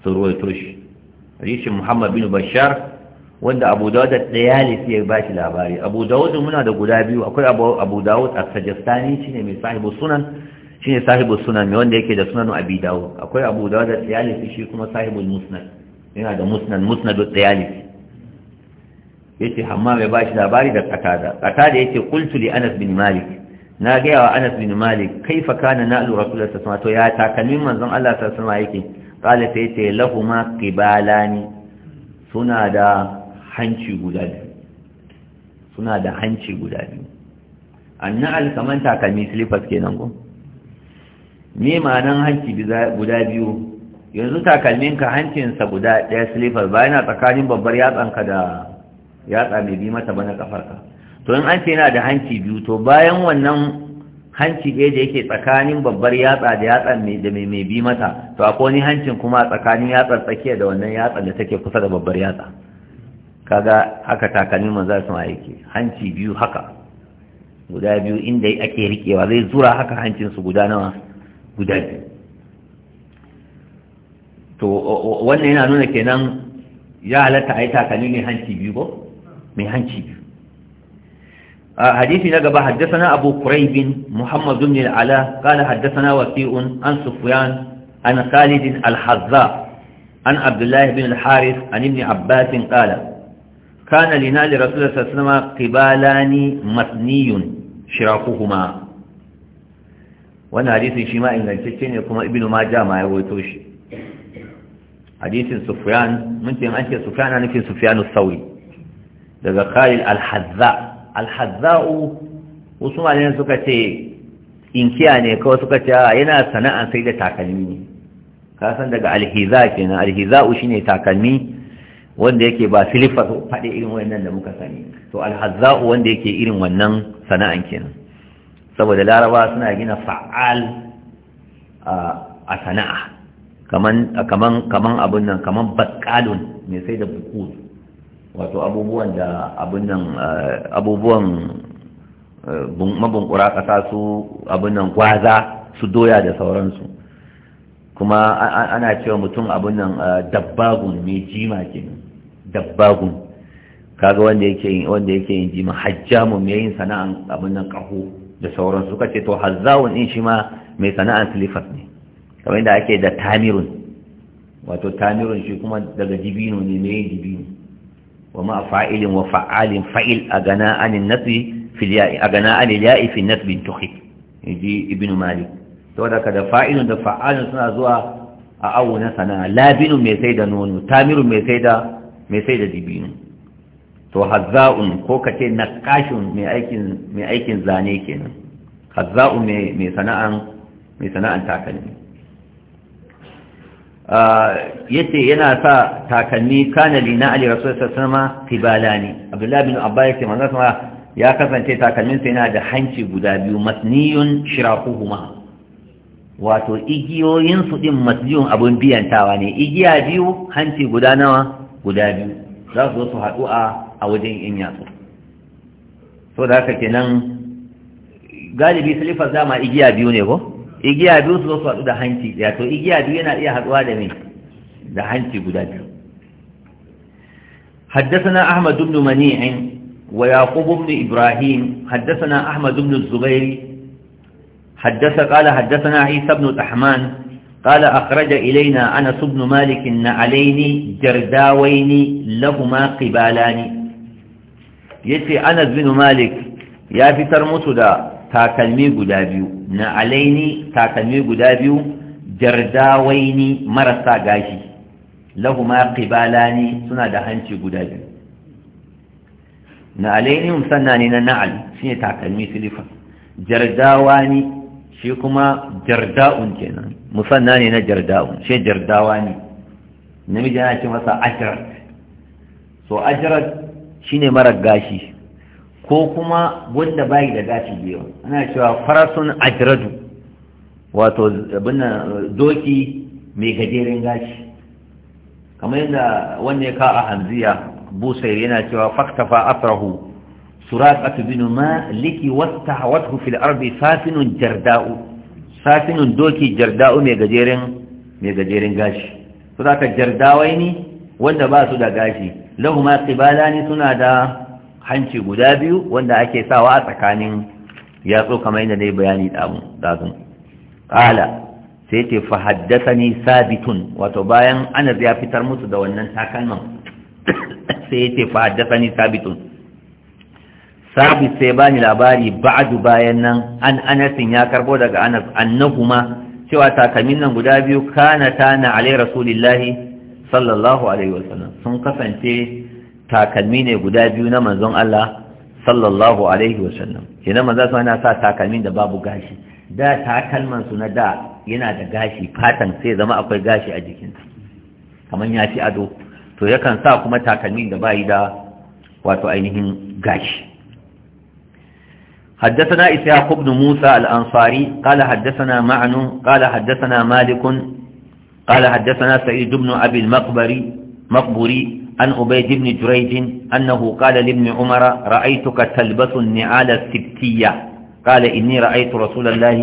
su ruwaito muhammad bin bashar wanda abu dawud da dayalisi ya bashi labari abu dawud muna da guda biyu akwai abu dawud as-sajistani shine mai sahibu sunan shine sahibu sunan mai wanda yake da sunan abi dawud akwai abu dawud da dayalisi shi kuma sahibul yana da da dayalisi yace amma ya bashi labari da katada katada yace qultu li anas bin malik na gaya wa anas bin malik kaifa kana na'lu rasulullahi sallallahu alaihi wasallam to ya takalmin manzon Allah sallallahu alaihi wasallam yake qala ta yace lahuma qibalani suna da hanci guda biyu suna da hanci guda biyu annal kaman takalmin slippers kenan ko me ma'anan hanci guda biyu yanzu takalminka hancinsa guda ɗaya slippers bayan tsakanin babbar yatsanka da yatsa tsame bi mata ba na kafarka to in an ce yana da hanci biyu to bayan wannan hanci ɗaya da yake tsakanin babbar yatsa da yatsa da mai mai bi mata to akwai wani hancin kuma tsakanin yatsar tsakiya da wannan yatsa da take kusa da babbar yatsa kaga haka takalmin manzo ma aiki hanci biyu haka guda biyu inda ake rikewa zai zura haka hancin su guda nawa guda biyu to wannan yana nuna kenan ya halatta a yi takalmi ne hanci biyu ko mai hanci hadisi na gaba haddasana abu quraybin Muhammadu ibn Ala, ala haddasa na wasi'un an sufyan an khalid Alhazza an Abdullahi bin al-harith an ibn abbas qala kana lina li rasulullah sallallahu alaihi qibalani matniyun shirakuhuma wannan hadisin shi ma ingantacce ne kuma ibn majah ma ya rawaito shi hadisin sufyan mun ce an ce sufyan ana nufin sufyan as-sawi daga khalil al-hazza al-hazza'u wasu malayen suka ce inkiya ne kawai suka ce yana sana'a sai da takalmi ne kasan daga alhiza kenan alhiza'u shine takalmi wanda yake ba silifa faɗi irin wannan da muka sani to alhazza'u wanda yake irin wannan sana'an kenan saboda laraba suna gina fa'al a sana'a kaman abin nan kaman bakkalun mai sai da bukuru wato abubuwan da abunan eh, abubuwan eh, mabunkura kasa su nan gwaza su doya da sauransu kuma ana cewa mutum nan eh, dabbagun mai jima ke dabbagun kaga wanda yake wanda yake yin jima hajjamu mai yin sana'an nan kahu da sauransu suka ce to hazzawun in shi ma mai sana'an silifas ne kamar yadda ake da tamirun wato tamirun shi kuma daga dibino ne mai dibino وما فاعل وفعال فعل أغناء عن النسب في الياء أغناء عن الياء في النسب تخي يجي ابن مالك تقول كذا فاعل ده فعال سنة زوا أو نسنا لابن ميسيد نون تامر ميسيد ميسيد دبين to hazza'un ko ka ce naqashun mai aikin mai aikin zane kenan hazza'u mai sana'an mai sana'an takalmi yace yana sa takalmi kana lina ali rasulullahi sallama tibalani abdullahi bin abba yace manzo sama ya kasance takalmin sa yana da hanci guda biyu masniyun shirakuhuma wato igiyoyin su din masniyun abun biyantawa ne igiya biyu hanci guda nawa guda biyu za su zo su haɗu a wajen in yatsu so da haka kenan galibi silifar dama igiya biyu ne ko igiya biyu su zo su haɗu da hanci ɗaya to igiya biyu yana iya haɗuwa da mai da hanci guda biyu حدثنا أحمد بن منيع ويعقوب بن إبراهيم حدثنا أحمد بن الزبير حدث قال حدثنا عيسى بن الأحمان قال أخرج إلينا أنس بن مالك نعلين جرداوين لهما قبالان يتي أنس بن مالك يا في ترمسدا takalmi guda biyu na alaini takalmi guda biyu jardawaini marasa gashi lahuma ni suna da hanci guda biyu na alaini musanna ne na na'al shine takalmi silifa jardawani shi kuma jarda'un kenan musanna ne na jarda'un shi ni. namiji yana ce masa ajrat so ajrat shine mara gashi ko kuma wanda bayi da gashi biyu ana cewa farasun ajradu wato doki mai gajeren gashi kamar yadda wanda ya kawo a hanziya busair yana cewa faktafa afrahu ma liki maliki wastahawathu fil ardi safinun jarda'u safinun doki jarda'u mai gajeren mai gajeren gashi to zaka jardawai ne wanda ba su da gashi lahu ma qibalani suna da hanci guda biyu wanda ake sawa a tsakanin Ya yatsu kamar yadda dai bayani ɗazun ƙala sai ce fa ni sabitun wato bayan anas ya fitar musu da wannan takalman sai ce fa ni sabitun sabit sai bani labari ba'adu bayan nan an anasin ya karbo daga anas ma. cewa takamin nan guda biyu kana tana alai rasulillahi sallallahu alaihi wasallam sun kasance takalmi ne guda biyu na manzon Allah sallallahu alaihi wasallam kenan manzon sa yana sa takalmin da babu gashi da takalman su na da yana da gashi fatan sai zama akwai gashi a jikinsa kamar ya ci ado to yakan sa kuma takalmin da bayi da wato ainihin gashi حدثنا إسحاق بن موسى الأنصاري قال حدثنا معن قال حدثنا مالك قال حدثنا سعيد بن أبي المقبري مقبري عن عبيد بن جريج أنه قال لابن عمر رأيتك تلبس النعال السبتية قال إني رأيت رسول الله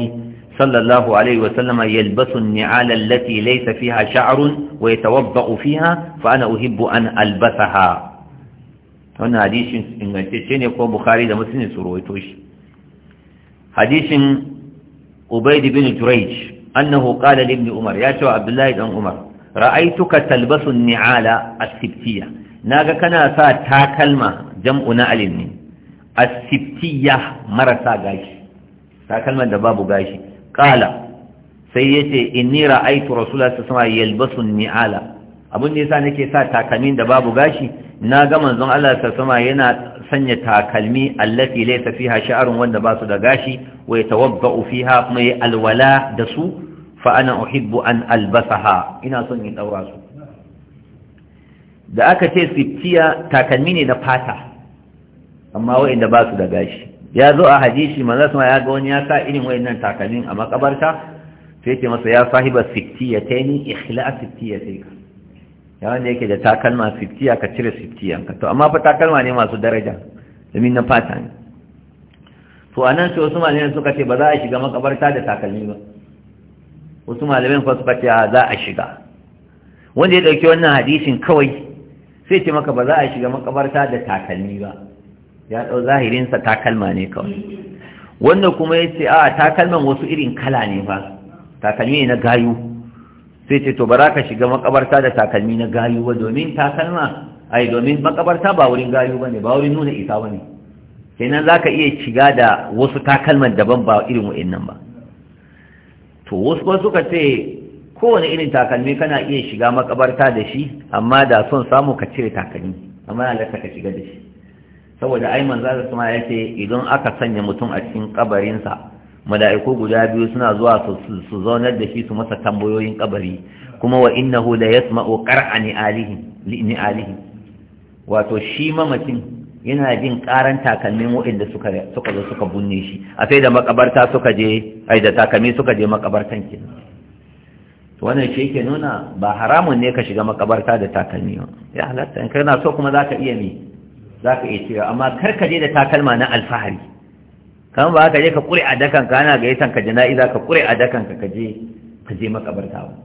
صلى الله عليه وسلم يلبس النعال التي ليس فيها شعر ويتوضأ فيها فأنا أحب أن ألبسها هنا حديث إنجلتين يقول بخاري لمسلم سرويتوش حديث عبيد بن جريج أنه قال لابن عمر يا شو عبد الله بن عمر ra'aituka talbasu ni'ala as sibtiyya naga kana sa takalma jam'u na alin ne as sibtiyya marasa gashi takalman da babu gashi qala sai yace inni ra'aitu rasulullahi sallallahu alaihi yalbasu ni'ala abun da yasa nake sa takalmin da babu gashi na ga manzon Allah sallallahu yana sanya takalmi allati laysa fiha sha'run wanda ba su da gashi wa yatawadda'u fiha kuma alwala da su fa ana uhibbu an albasaha ina son in daura su da aka ce siftiya takalmi ne na fata amma waɗanda ba su da gashi ya zo a hadisi manzo sama ya ga wani ya sa irin waɗannan takalmin a makabarta sai ce masa ya sahiba siftiya ta ni ikhla siftiya sai ka ya wanda yake da takalma siftiya ka cire siftiyan ka to amma fa takalma ne masu daraja domin na fata ne to anan sai wasu malamai suka ce ba za a shiga makabarta da takalmi ba wasu malamin fa za a shiga wanda ya dauki wannan hadisin kawai sai ce maka ba za a shiga makabarta da takalmi ba ya dau zahirin sa takalma ne kawai wanda kuma yace a takalman wasu irin kala ne fa takalmi ne na gayu sai ce to bara ka shiga makabarta da takalmi na gayu ba domin takalma ai domin makabarta ba wurin gayu bane ba wurin nuna isa bane kenan zaka iya shiga da wasu takalman daban ba irin wa'annan ba to wasu suka ce kowane irin takalmi kana iya shiga makabarta da shi amma da son samu ka cire takalmi amma halatta ka shiga da shi saboda ai manza da kuma ya ce idan aka sanya mutum a cikin kabarinsa mala'iku guda biyu suna zuwa su zaunar da shi su masa tambayoyin kabari kuma wa innahu la yasma'u qar'ani alihi li'ni alihi wato shi mamacin yana jin karan takalmin waɗanda suka suka zo suka bunne shi a sai da makabarta suka je ai da takalmi suka je makabartan ke wannan shi yake nuna ba haramun ne ka shiga makabarta da takalmi ba ya halatta in kana so kuma zaka iya me zaka iya cewa amma kar ka je da takalma na alfahari kan ba ka je ka kure a dakan ka ana ga yasan ka jana'iza ka kure a dakan ka ka je ka je makabarta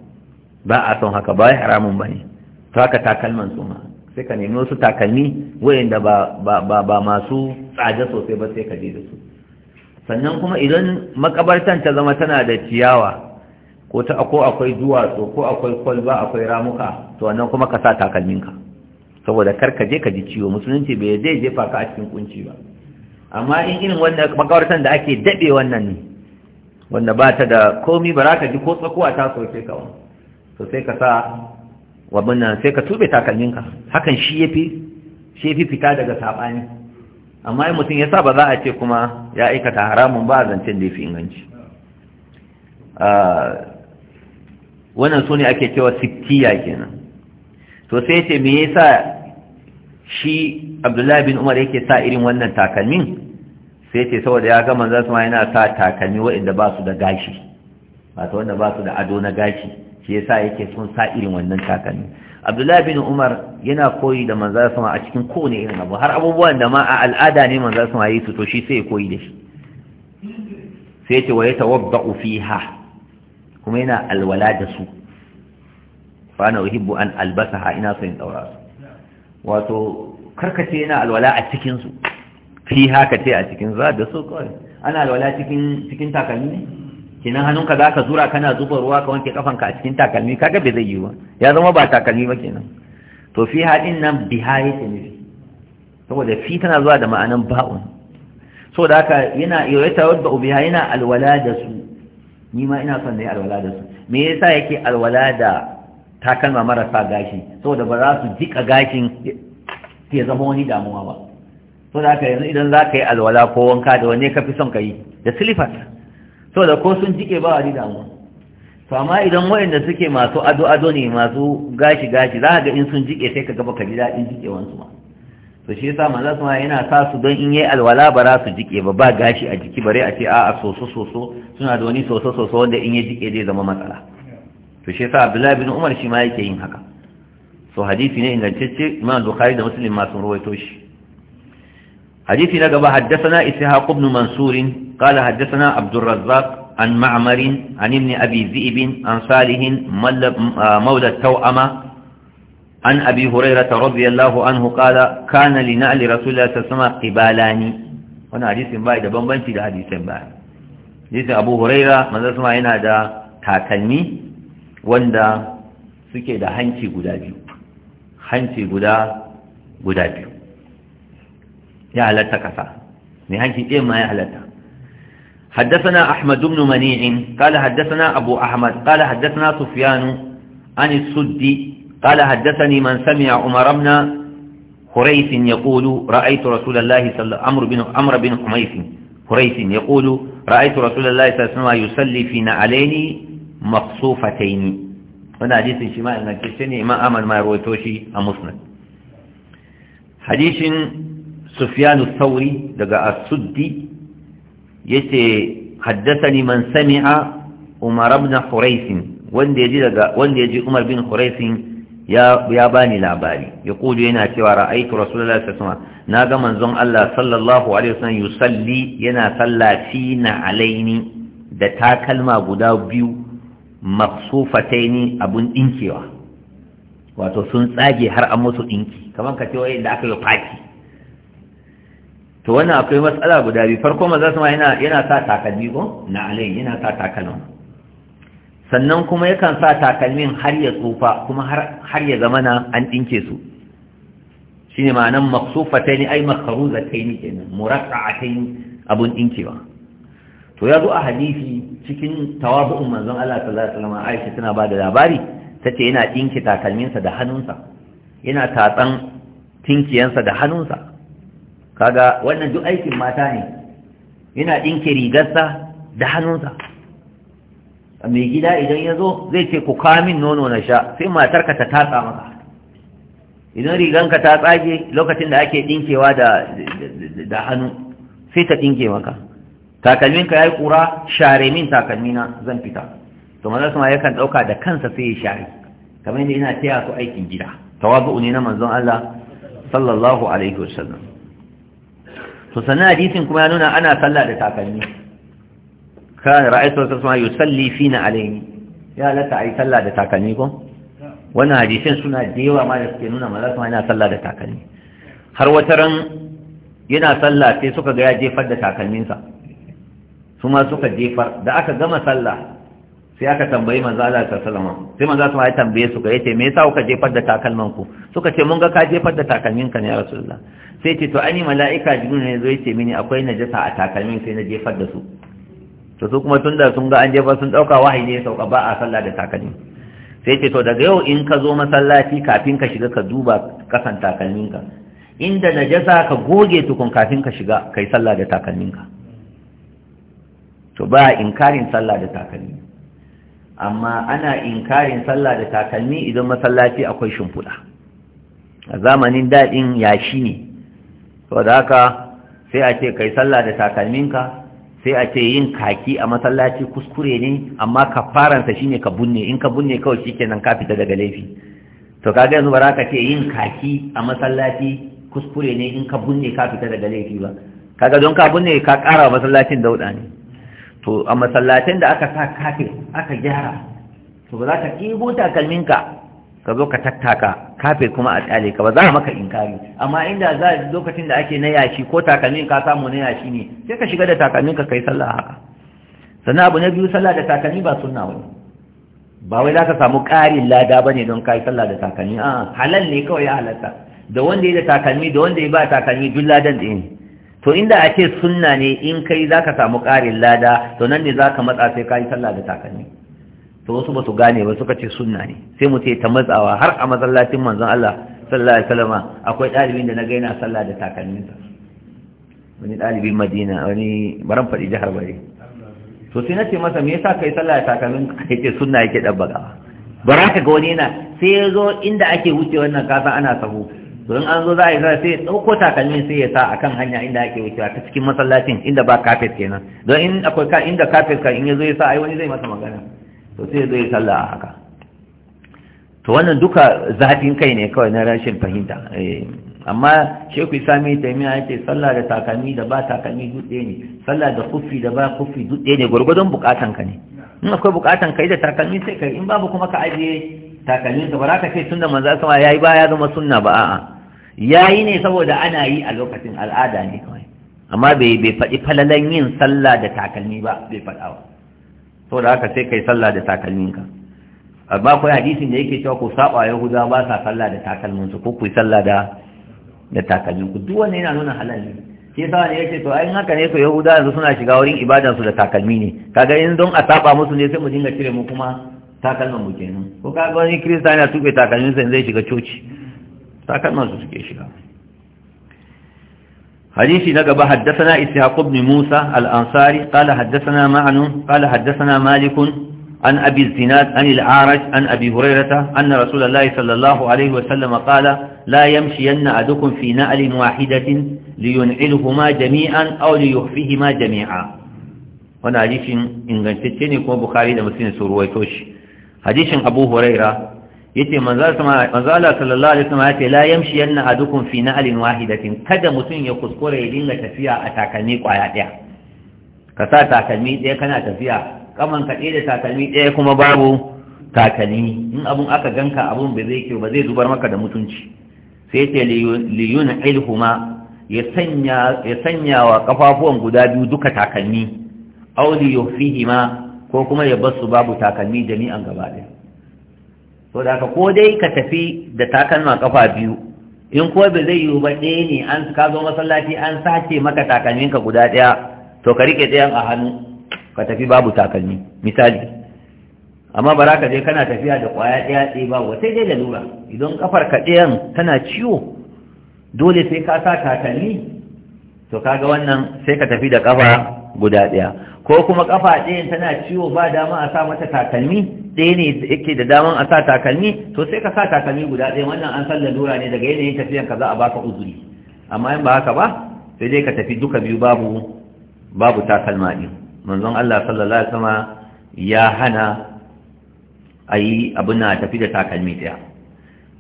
ba a son haka ba haramun bane to haka takalman su ma sai ka nemi wasu takalmi wayanda ba ba masu tsada sosai ba sai ka je da su sannan kuma idan makabartan ta zama tana da ciyawa ko ta ko akwai duwatsu ko akwai kwalba akwai ramuka to wannan kuma ka sa takalminka saboda kar ka je ka ji ciwo musulunci bai zai jefa ka a cikin kunci ba amma in irin wannan makabartan da ake daɗe wannan ne wanda ba ta da komi ba za ka ji ko tsakuwa ta soke ka ba sai ka sa wannan sai ka tube takalminka hakan shi yafi shi yafi fita daga saɓani, amma in mutum yasa ba za a ce kuma ya aikata haramun ba zancen da yafi inganci ah, wannan sune ake cewa sikkiya kenan to sai ce me yasa shi Abdullahi bin Umar yake sa irin wannan takalmin sai ce saboda ya ga manzon sa yana sa takalmi waɗanda ba su da gashi wato wanda ba su da ado na gashi shi yasa yake son sa irin wannan takalmi abdullahi bin umar yana koyi da manzo sama a cikin kowane irin abu har abubuwan da ma a al'ada ne manzo sama yi su to shi sai ya koyi da shi sai ce wa ya fiha kuma yana alwala da su fa ana uhibbu an albasaha ina so in daura su wato karkace yana alwala a cikin su fiha kace a cikin za da su kawai ana alwala cikin cikin takalmi ne kenan hannunka za ka zura kana zuba ruwa ka wanke kafanka a cikin takalmi kaga bai zai yi ba ya zama ba takalmi ba kenan to fi haɗin nan biha ta nufi saboda fi tana zuwa da ma'anan ba'un da haka yana yawaita wadda ha yana alwala da su ni ma ina son da ya alwala da su me yasa yake alwala da takalma marasa gashi saboda ba za su jika gashin ke zama wani damuwa ba So da haka yanzu idan za ka yi alwala ko wanka da wani ka fi son ka yi da silifas da ko sun jike ba wani damuwa to amma idan waɗanda suke masu ado ado ne masu gashi gashi za ga in sun jike sai ka gaba ka ji daɗin jikewansu ma to shi yasa manzo sama yana sa su don in yayi alwala ba za su jike ba ba gashi a jiki bare a ce a a soso soso suna da wani soso soso wanda in ya jike zai zama matsala to shi yasa Abdullahi bin Umar shi ma yake yin haka so hadisi ne ingantacce Imam Bukhari da Muslim ma sun rawaito shi حديث نقب حدثنا إسحاق بن منصور قال حدثنا عبد الرزاق عن معمر عن ابن أبي ذئب عن صالح مولى التوأمة عن أبي هريرة رضي الله عنه قال كان لنعل رسول الله صلى الله عليه وسلم قبالان وانا حديث باي ده بمبنتي ده حديث باي حديث أبو هريرة من رسول الله ده takalmi wanda suke da hanci guda biyu hanci guda guda biyu يا halatta kasa نهاية hanci ɗaya ma حدثنا أحمد بن منيع قال حدثنا أبو أحمد قال حدثنا سفيان عن السدي قال حدثني من سمع عمر بن خريث يقول رأيت رسول الله صلى الله عمرو بن عمر بن حميث خريث يقول رأيت رسول الله صلى الله عليه وسلم يصلي في نعلين مقصوفتين هنا حديث شمال ما كشني ما أمن ما رويتوشي أمسند حديث سفيان الثوري دقاء السدي يتي حدثني من سمع عمر بن حريث وان يجي دقاء وان يجي عمر بن حريث يا يا باني لاباري يقول هنا تيوا رايت رسول الله صلى الله عليه وسلم ناغا منزون الله صلى الله عليه وسلم يصلي ينا صلى فينا عليني da takalma guda biyu maksufataini abun dinkewa wato sun tsage har an musu dinki kamar ka ce wai da aka yi faki to wannan akwai matsala guda biyu farko maza su ma yana sa takalmi ko na yana sa takalmin sannan kuma yakan sa takalmin har ya tsufa kuma har ya zamana an ɗinke su shine ma'anan ta yi makaruzataini kenan muraqqa'ataini abun dinkewa to ya zo a hadisi cikin tawabu'un manzon Allah sallallahu alaihi wasallam Aisha tana bada labari tace yana ɗinke takalminsa da hannunsa yana tatsan tinkiyansa da hannunsa kaga wannan duk aikin mata ne yana ɗinke rigarsa da hannunsa mai gida idan ya zo zai ce ku kamin nono na sha sai matarka ta tatsa maka idan riganka ta tsage lokacin da ake ɗinkewa da hannu sai ta ɗinke maka takalminka ya yi ƙura share min takalmina zan fita to maza ma yakan ɗauka da kansa sai ya share kamar yadda yana taya su aikin gida tawazu ne na manzon Allah sallallahu alaihi wasallam to sannan hadisin kuma ya nuna ana sallah da takalmi kan ra'aytu sallama yusalli fina alayhi ya lata ai sallah da takalmi ko wannan hadisin suna da yawa ma da suke nuna maza kuma yana sallah da takalmi har wata ran yana sallah sai suka ga ya jefar da takalminsa su ma suka jefar da aka gama sallah sai aka tambayi manzo Allah sallallahu sai manzo Allah ya tambaye su ka yace me yasa kuka jefar da takalman ku suka ce mun ga ka jefar da takalmin ka ne ya rasulullah sai ce to ani mala'ika jibril ne zo yace mini akwai najasa a takalmin sai na jefar da su to su kuma tunda sun ga an jefar sun dauka wahayi ne sauka ba a sallah da takalmi sai ce to daga yau in ka zo masallaci kafin ka shiga ka duba kasan takalmin ka inda najasa ka goge tukun kafin ka shiga kai sallah da takalmin ka to ba inkarin sallah da takalmin. amma ana inkarin sallah da takalmi idan masallaci akwai shimfuda. a zamanin daɗin yashi ne saboda haka sai a ce kai sallah da takalminka sai a ce yin kaki a masallaci kuskure ne amma kafaransa shine ka bunne in ka bunne kawai shikenan ka fita daga laifi to kaga yanzu ba za ka ce yin kaki a masallaci kuskure ne in ka bunne ka fita daga laifi ba kaga don ka bunne ka ƙara wa masallacin dauɗa ne to a masallacin da aka sa kafin aka gyara to ba za ka ɗibo takalminka ka zo ka tattaka kafin kuma a tsale ka ba za a maka inkari amma inda za a lokacin da ake na yashi ko takalmin ka samu na yashi ne sai ka shiga da takalmin ka kai sallah haka sannan abu na biyu sallah da takalmi ba sunna wani ba wai za ka samu ƙarin lada ba ne don kai sallah da takalmi a halal ne kawai ya halatta da wanda ya da takalmi da wanda ya ba takalmi duk ladan ɗaya ne to inda a ce sunna ne in kai za ka samu ƙarin lada to nan ne za ka matsa sai ka yi sallah da takalmi to wasu ba su gane ba suka ce sunna ne sai mu ce ta matsawa har a masallacin manzon Allah sallallahu alaihi wasallam akwai ɗalibin da na ga yana sallah da sa wani ɗalibin Madina wani baran faɗi jihar bare to sai na ce masa me yasa kai sallah da takalmin kai ce sunna yake dabbaka ba ka ga wani yana sai ya zo inda ake wuce wannan kasa ana sahu don an zo za a yi sai ya ɗauko takalmi sai ya sa akan hanya inda ake wucewa ta cikin masallacin inda ba kafet kenan don in akwai ka inda kafet ka in ya zo ya sa ai wani zai masa magana to sai ya zo ya sallah a haka to wannan duka zafin kai ne kawai na rashin fahimta eh, amma sheku sami taimiya ya ce sallah da takalmi da ba takalmi dutse ne sallah da kufi da ba kufi dutse ne gwargwadon bukatan ka ne in akwai bukatan ka yi da takalmi sai ka in babu kuma ka ajiye takalminsa ba za ka ce tunda manzan sama yi ba ya zama sunna ba a'a yayi ne saboda ana yi a lokacin al'ada ne kawai amma bai bai faɗi falalan yin sallah da takalmi ba bai faɗa saboda haka sai kai sallah da takalminka amma akwai hadisin da yake cewa ku saba yahuda ba sa sallah da takalminsu ko ku yi sallah da da takalminku duk wanne yana nuna halal ne shi yasa ne yace to ayin haka ne to yahuda yanzu suna shiga wurin ibadansu da takalmi ne kaga in don a saɓa musu ne sai mu dinga cire mu kuma takalman mu kenan ko ka ga wani kirista yana takalmin sa zai shiga coci takalman su suke shiga حديثي لقب حدثنا إسحاق بن موسى الأنصاري قال حدثنا معن قال حدثنا مالك عن أبي الزناد عن الأعرج عن أبي هريرة أن رسول الله صلى الله عليه وسلم قال لا يمشين أحدكم في نعل واحدة لينعلهما جميعا أو ليخفيهما جميعا وانا حديث إن كنت تتني بخاري لمسلم سرويتوش hadisin abu huraira ya ce, Manzala sallallahu alaihi wasallam ce, la yamshi yanna adukum fi na'lin wahidatin kada mutum ya kuskura ya dinga tafiya a takalmi kwaya ɗaya. ka sa takalmi ɗaya kana tafiya kaman ka da takalmi daya kuma babu takalmi in abun aka ganka abun ba zai ba zai zubar maka da mutunci sai yace li ilhuma ya sanya wa kafafuwan guda biyu duka takalmi aw li ko kuma ya bar su babu takalmi jami'an gaba ɗaya to da ko dai ka tafi da takalma kafa biyu in ko ba zai yiwu ba ɗaya ne an ka zo masallaci an sace maka takalminka guda ɗaya to ka rike ɗayan a hannu ka tafi babu takalmi misali amma bara ka je kana tafiya da ƙwaya ɗaya ɗaya babu sai dai da lura, idan kafar ka ɗayan tana ciwo dole sai ka sa takalmi to kaga wannan sai ka tafi da kafa guda ɗaya ko kuma kafa ɗayan tana ciwo ba dama a sa mata takalmi ɗaya ne yake da daman a sa takalmi to sai ka sa takalmi guda ɗaya wannan an san lalura ne daga yanayin tafiyan ka za a baka uzuri amma in ba haka ba sai dai ka tafi duka biyu babu babu takalma ɗin manzon Allah sallallahu alaihi wasallam ya hana ayi abin na tafi da takalmi ɗaya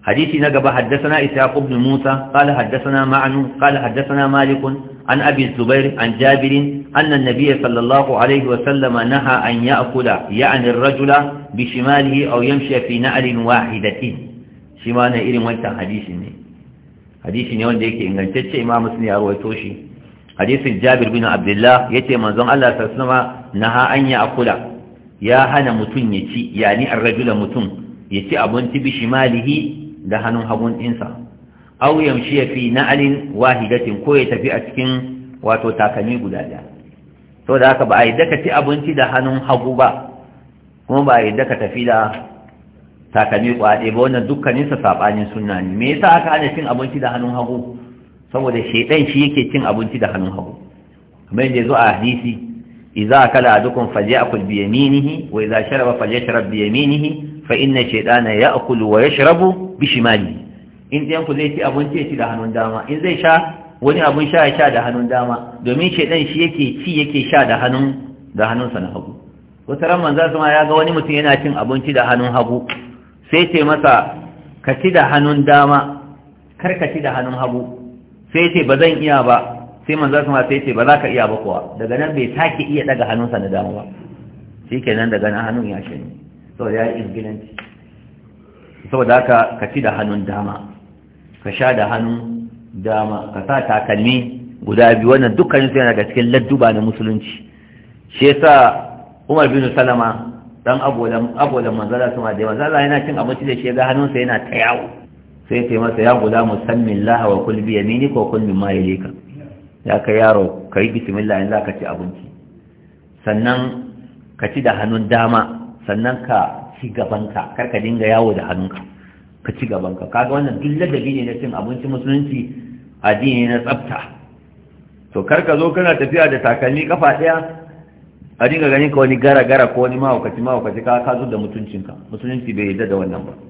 حديثي نقب حدثنا إسحاق بن موسى قال حدثنا معن قال حدثنا مالك عن أبي الزبير عن جابر أن النبي صلى الله عليه وسلم نهى أن يأكل يعني الرجل بشماله أو يمشي في نعل واحدة شمالنا إلي وانتا حديثني حديثني وانتا يكي إنغان تتشي إمام مسلم أرويتوشي حديث جابر بن عبد الله يتي منظم الله صلى الله عليه وسلم نهى أن يأكل ya hana mutum ya ci yani arrajula mutum ya ci abinci bi shimalihi da hannun hagun ɗinsa aw yamshi fi na'alin wahidatin ko ya tafi a cikin wato takalmi guda ɗaya saboda haka ba a yi daka ci abinci da hannun hagu ba kuma ba a yi daka tafi da takami kwaɗe ba wannan dukkaninsa saɓanin suna ne me yasa aka hana cin abinci da hannun hagu saboda shaidan shi yake cin abinci da hannun hagu kamar yadda zo a hadisi idza akala ahadukum falyakul bi yaminihi wa idza sharaba falyashrab bi yaminihi fa inna shaytana ya'kulu wa yashrabu bi shimalihi in ɗayan ku zai ci abinci ya ci da hannun dama in zai sha wani abun sha ya sha da hannun dama domin shaidan shi yake ci yake sha da hannun da hannunsa na hagu wata ran manzo sama ya ga wani mutum yana cin abinci da hannun hagu sai ce masa ka ci da hannun dama kar ka ci da hannun hagu sai ce ba zan iya ba sai manzo sama sai ce ba za ka iya ba kuwa daga nan bai sake iya daga hannunsa na dama ba shikenan daga nan hannun ya shine saboda ya yi ingilanci saboda haka ka ci da hannun dama ka sha da hannun dama ka sa takalmi guda biyu wannan dukkanin su yana daga cikin ladduba na musulunci shi yasa Umar bin Salama dan abolan abolan manzala ma da manzala yana cin abinci da shi ga hannunsa yana ta yawo sai ce masa ya gula musammin laha wa kul bi yamini ko kul mimma yalika ya kai yaro kai bismillah in zaka ci abinci sannan ka ci da hannun dama sannan ka ci gabanka kar ka dinga yawo da hannunka ka ci gaban ka kaga wannan duk ladabi ne na cin abinci musulunci addini na tsafta to kar ka zo kana tafiya da takalmi kafa daya a dinga ganin ka wani gara gara ko wani mahaukaci mahaukaci ka ka zo da mutuncinka musulunci bai yarda da wannan ba na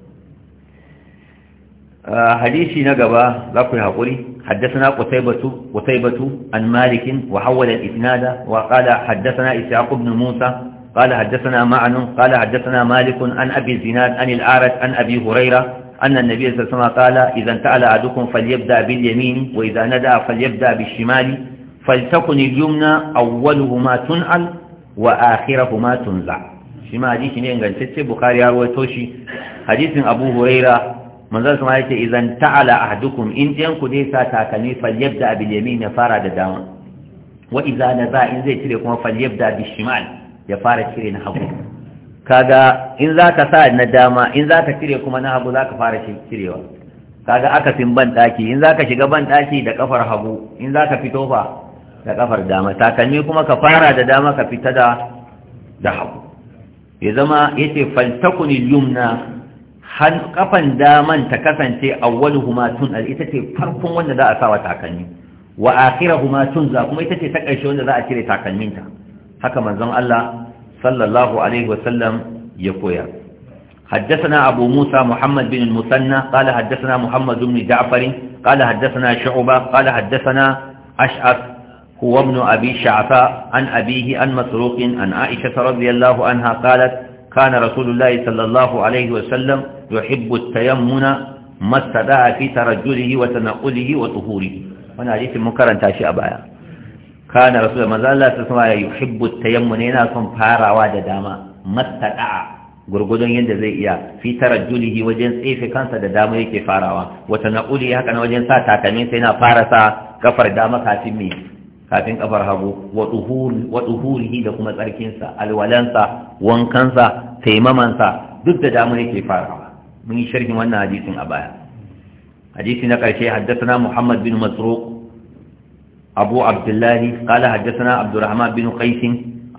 حديثي نقبة لكم هقولي حدثنا قتيبة, قتيبة عن مالك وحول الإسناد وقال حدثنا إسحاق بن musa. قال حدثنا معن قال حدثنا مالك عن أبي الزناد عن الأعرج عن أبي هريرة أن النبي صلى الله عليه وسلم قال إذا انتعل أحدكم فليبدأ باليمين وإذا ندأ فليبدأ بالشمال فلتكن اليمنى أولهما تنعل وآخرهما تنزع شما حديث نيغان تتسي بخاري هاروي توشي حديث أبو هريرة من ذلك ما يتي إذا انتعل أحدكم إن تنكو دي ساتاكني فليبدأ باليمين فارد داون وإذا نزع إن زي تريكم فليبدأ بالشمال ya fara cire na hagu kaga in za ka sa na dama in za ka cire kuma na hagu za ka fara cirewa kaga akasin ban ɗaki in za ka shiga ban ɗaki da ƙafar hagu in za ka fito fa da ƙafar dama takalmi kuma ka fara da dama ka fita da da hagu ya zama ya ce faltakuni yumna har kafan daman ta kasance awwaluhuma tun ita ce farkon wanda za a sawa takalmi wa akhirahuma tun za kuma ita ce ta ƙarshe wanda za a cire takalminta haka manzon Allah sallallahu alaihi wasallam ya koya حدثنا أبو موسى محمد بن المثنى قال حدثنا محمد بن جعفر قال حدثنا شعبة قال حدثنا أشعث هو ابن أبي شعفاء عن أبيه عن مسروق عن عائشة رضي الله عنها قالت كان رسول الله صلى الله عليه وسلم يحب التيمن ما استدعى في ترجله وتنقله وطهوره وانا حديث منكر انتهى شيء أبايا kana rasu manzo Allah ta sama ya yuhibbu tayammun yana son farawa da dama mastada'a gurgudun yadda zai iya fi tarajjulihi wajen tsefe kansa da dama yake farawa wata na'uli haka na wajen sa takalmin sai na fara sa kafar dama kafin kafin kafar hagu wa duhurihi da kuma tsarkinsa alwalansa wankansa taimamansa duk da dama yake farawa mun yi sharhin wannan hadisin a baya hadisi na ƙarshe haddasa muhammad bin masruq أبو عبد الله قال حدثنا عبد الرحمن بن قيس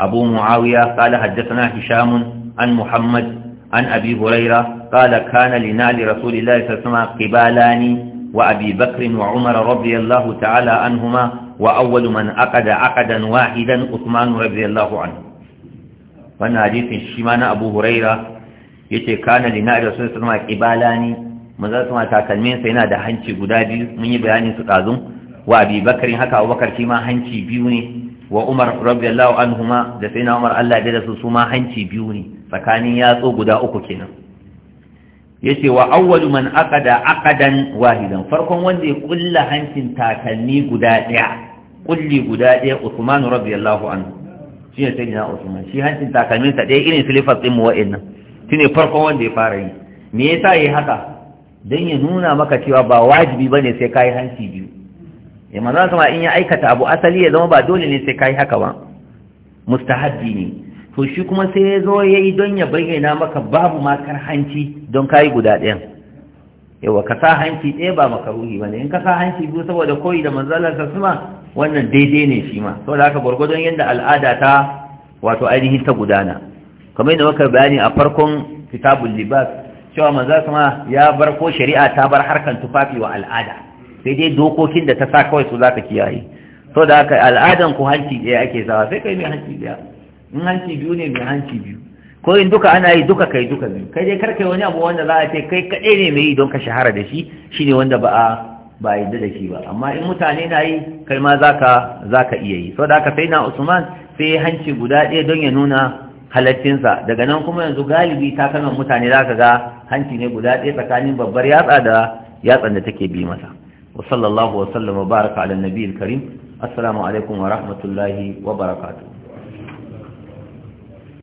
أبو معاوية قال حدثنا هشام عن محمد عن أبي هريرة قال كان لنا لرسول الله صلى الله عليه وسلم قبالان وأبي بكر وعمر رضي الله تعالى عنهما وأول من أقد عقدا واحدا أثمان رضي الله عنه وانا حديث الشمان أبو هريرة يتي كان لنا لرسول الله صلى الله عليه وسلم قبالان manzan sama takalmin sai yana da hanci guda biyu mun yi bayani su ɗazun wa abi bakarin haka abubakar shi ma hanci biyu ne wa umar radiyallahu anhuma da sai na umar Allah da su su ma hanci biyu ne tsakanin yatsu guda uku kenan Ya ce wa awwalu man aqada aqadan wahidan farkon wanda ya kulla hancin takalmi guda ɗaya. kulli guda daya Uthman radiyallahu anhu shi ne sayyidina Uthman shi hancin takalmin sa daya irin silifas ɗin mu wa'annan shine farkon wanda ya fara yi me yasa yi haka dan ya nuna maka cewa ba wajibi bane sai kai hanci biyu ya eh, sama in ya aikata abu asali ya zama ba dole ne sai kai haka ba mustahabbi ne to shi kuma sai ya zo ya yi don ya bayyana maka babu makar hanci don kayi guda ɗayan yawa ka sa hanci ɗaya ba makaruhi ba ne in ka sa hanci biyu saboda koyi da manzalar sa suma wannan daidai ne shi ma saboda haka gwargwadon yadda al'ada ta wato ainihin ta gudana kamar yadda muka bayani a farkon kitabul libas cewa manzalar sama ya bar ko shari'a ta bar harkar tufafi wa al'ada sai dai dokokin da ta sa kawai su za ka kiyaye so da aka al'adan ku hanci ɗaya ake sawa sai kai mai hanci ɗaya in hanci biyu ne mai hanci biyu ko in duka ana yi duka kai duka biyu kai dai karkai wani abu wanda za a ce kai kaɗai ne mai yi don ka shahara da shi shine wanda ba a ba yadda da shi ba amma in mutane na yi kai ma za ka iya yi so da aka sai na Usman sai hanci guda ɗaya don ya nuna halaccinsa daga nan kuma yanzu galibi takalman mutane za ka ga hanci ne guda ɗaya tsakanin babbar yatsa da yatsan da take bi masa wa sallallahu wa sallama baraka ala nabiyil karim assalamu alaikum wa rahmatullahi wa barakatuh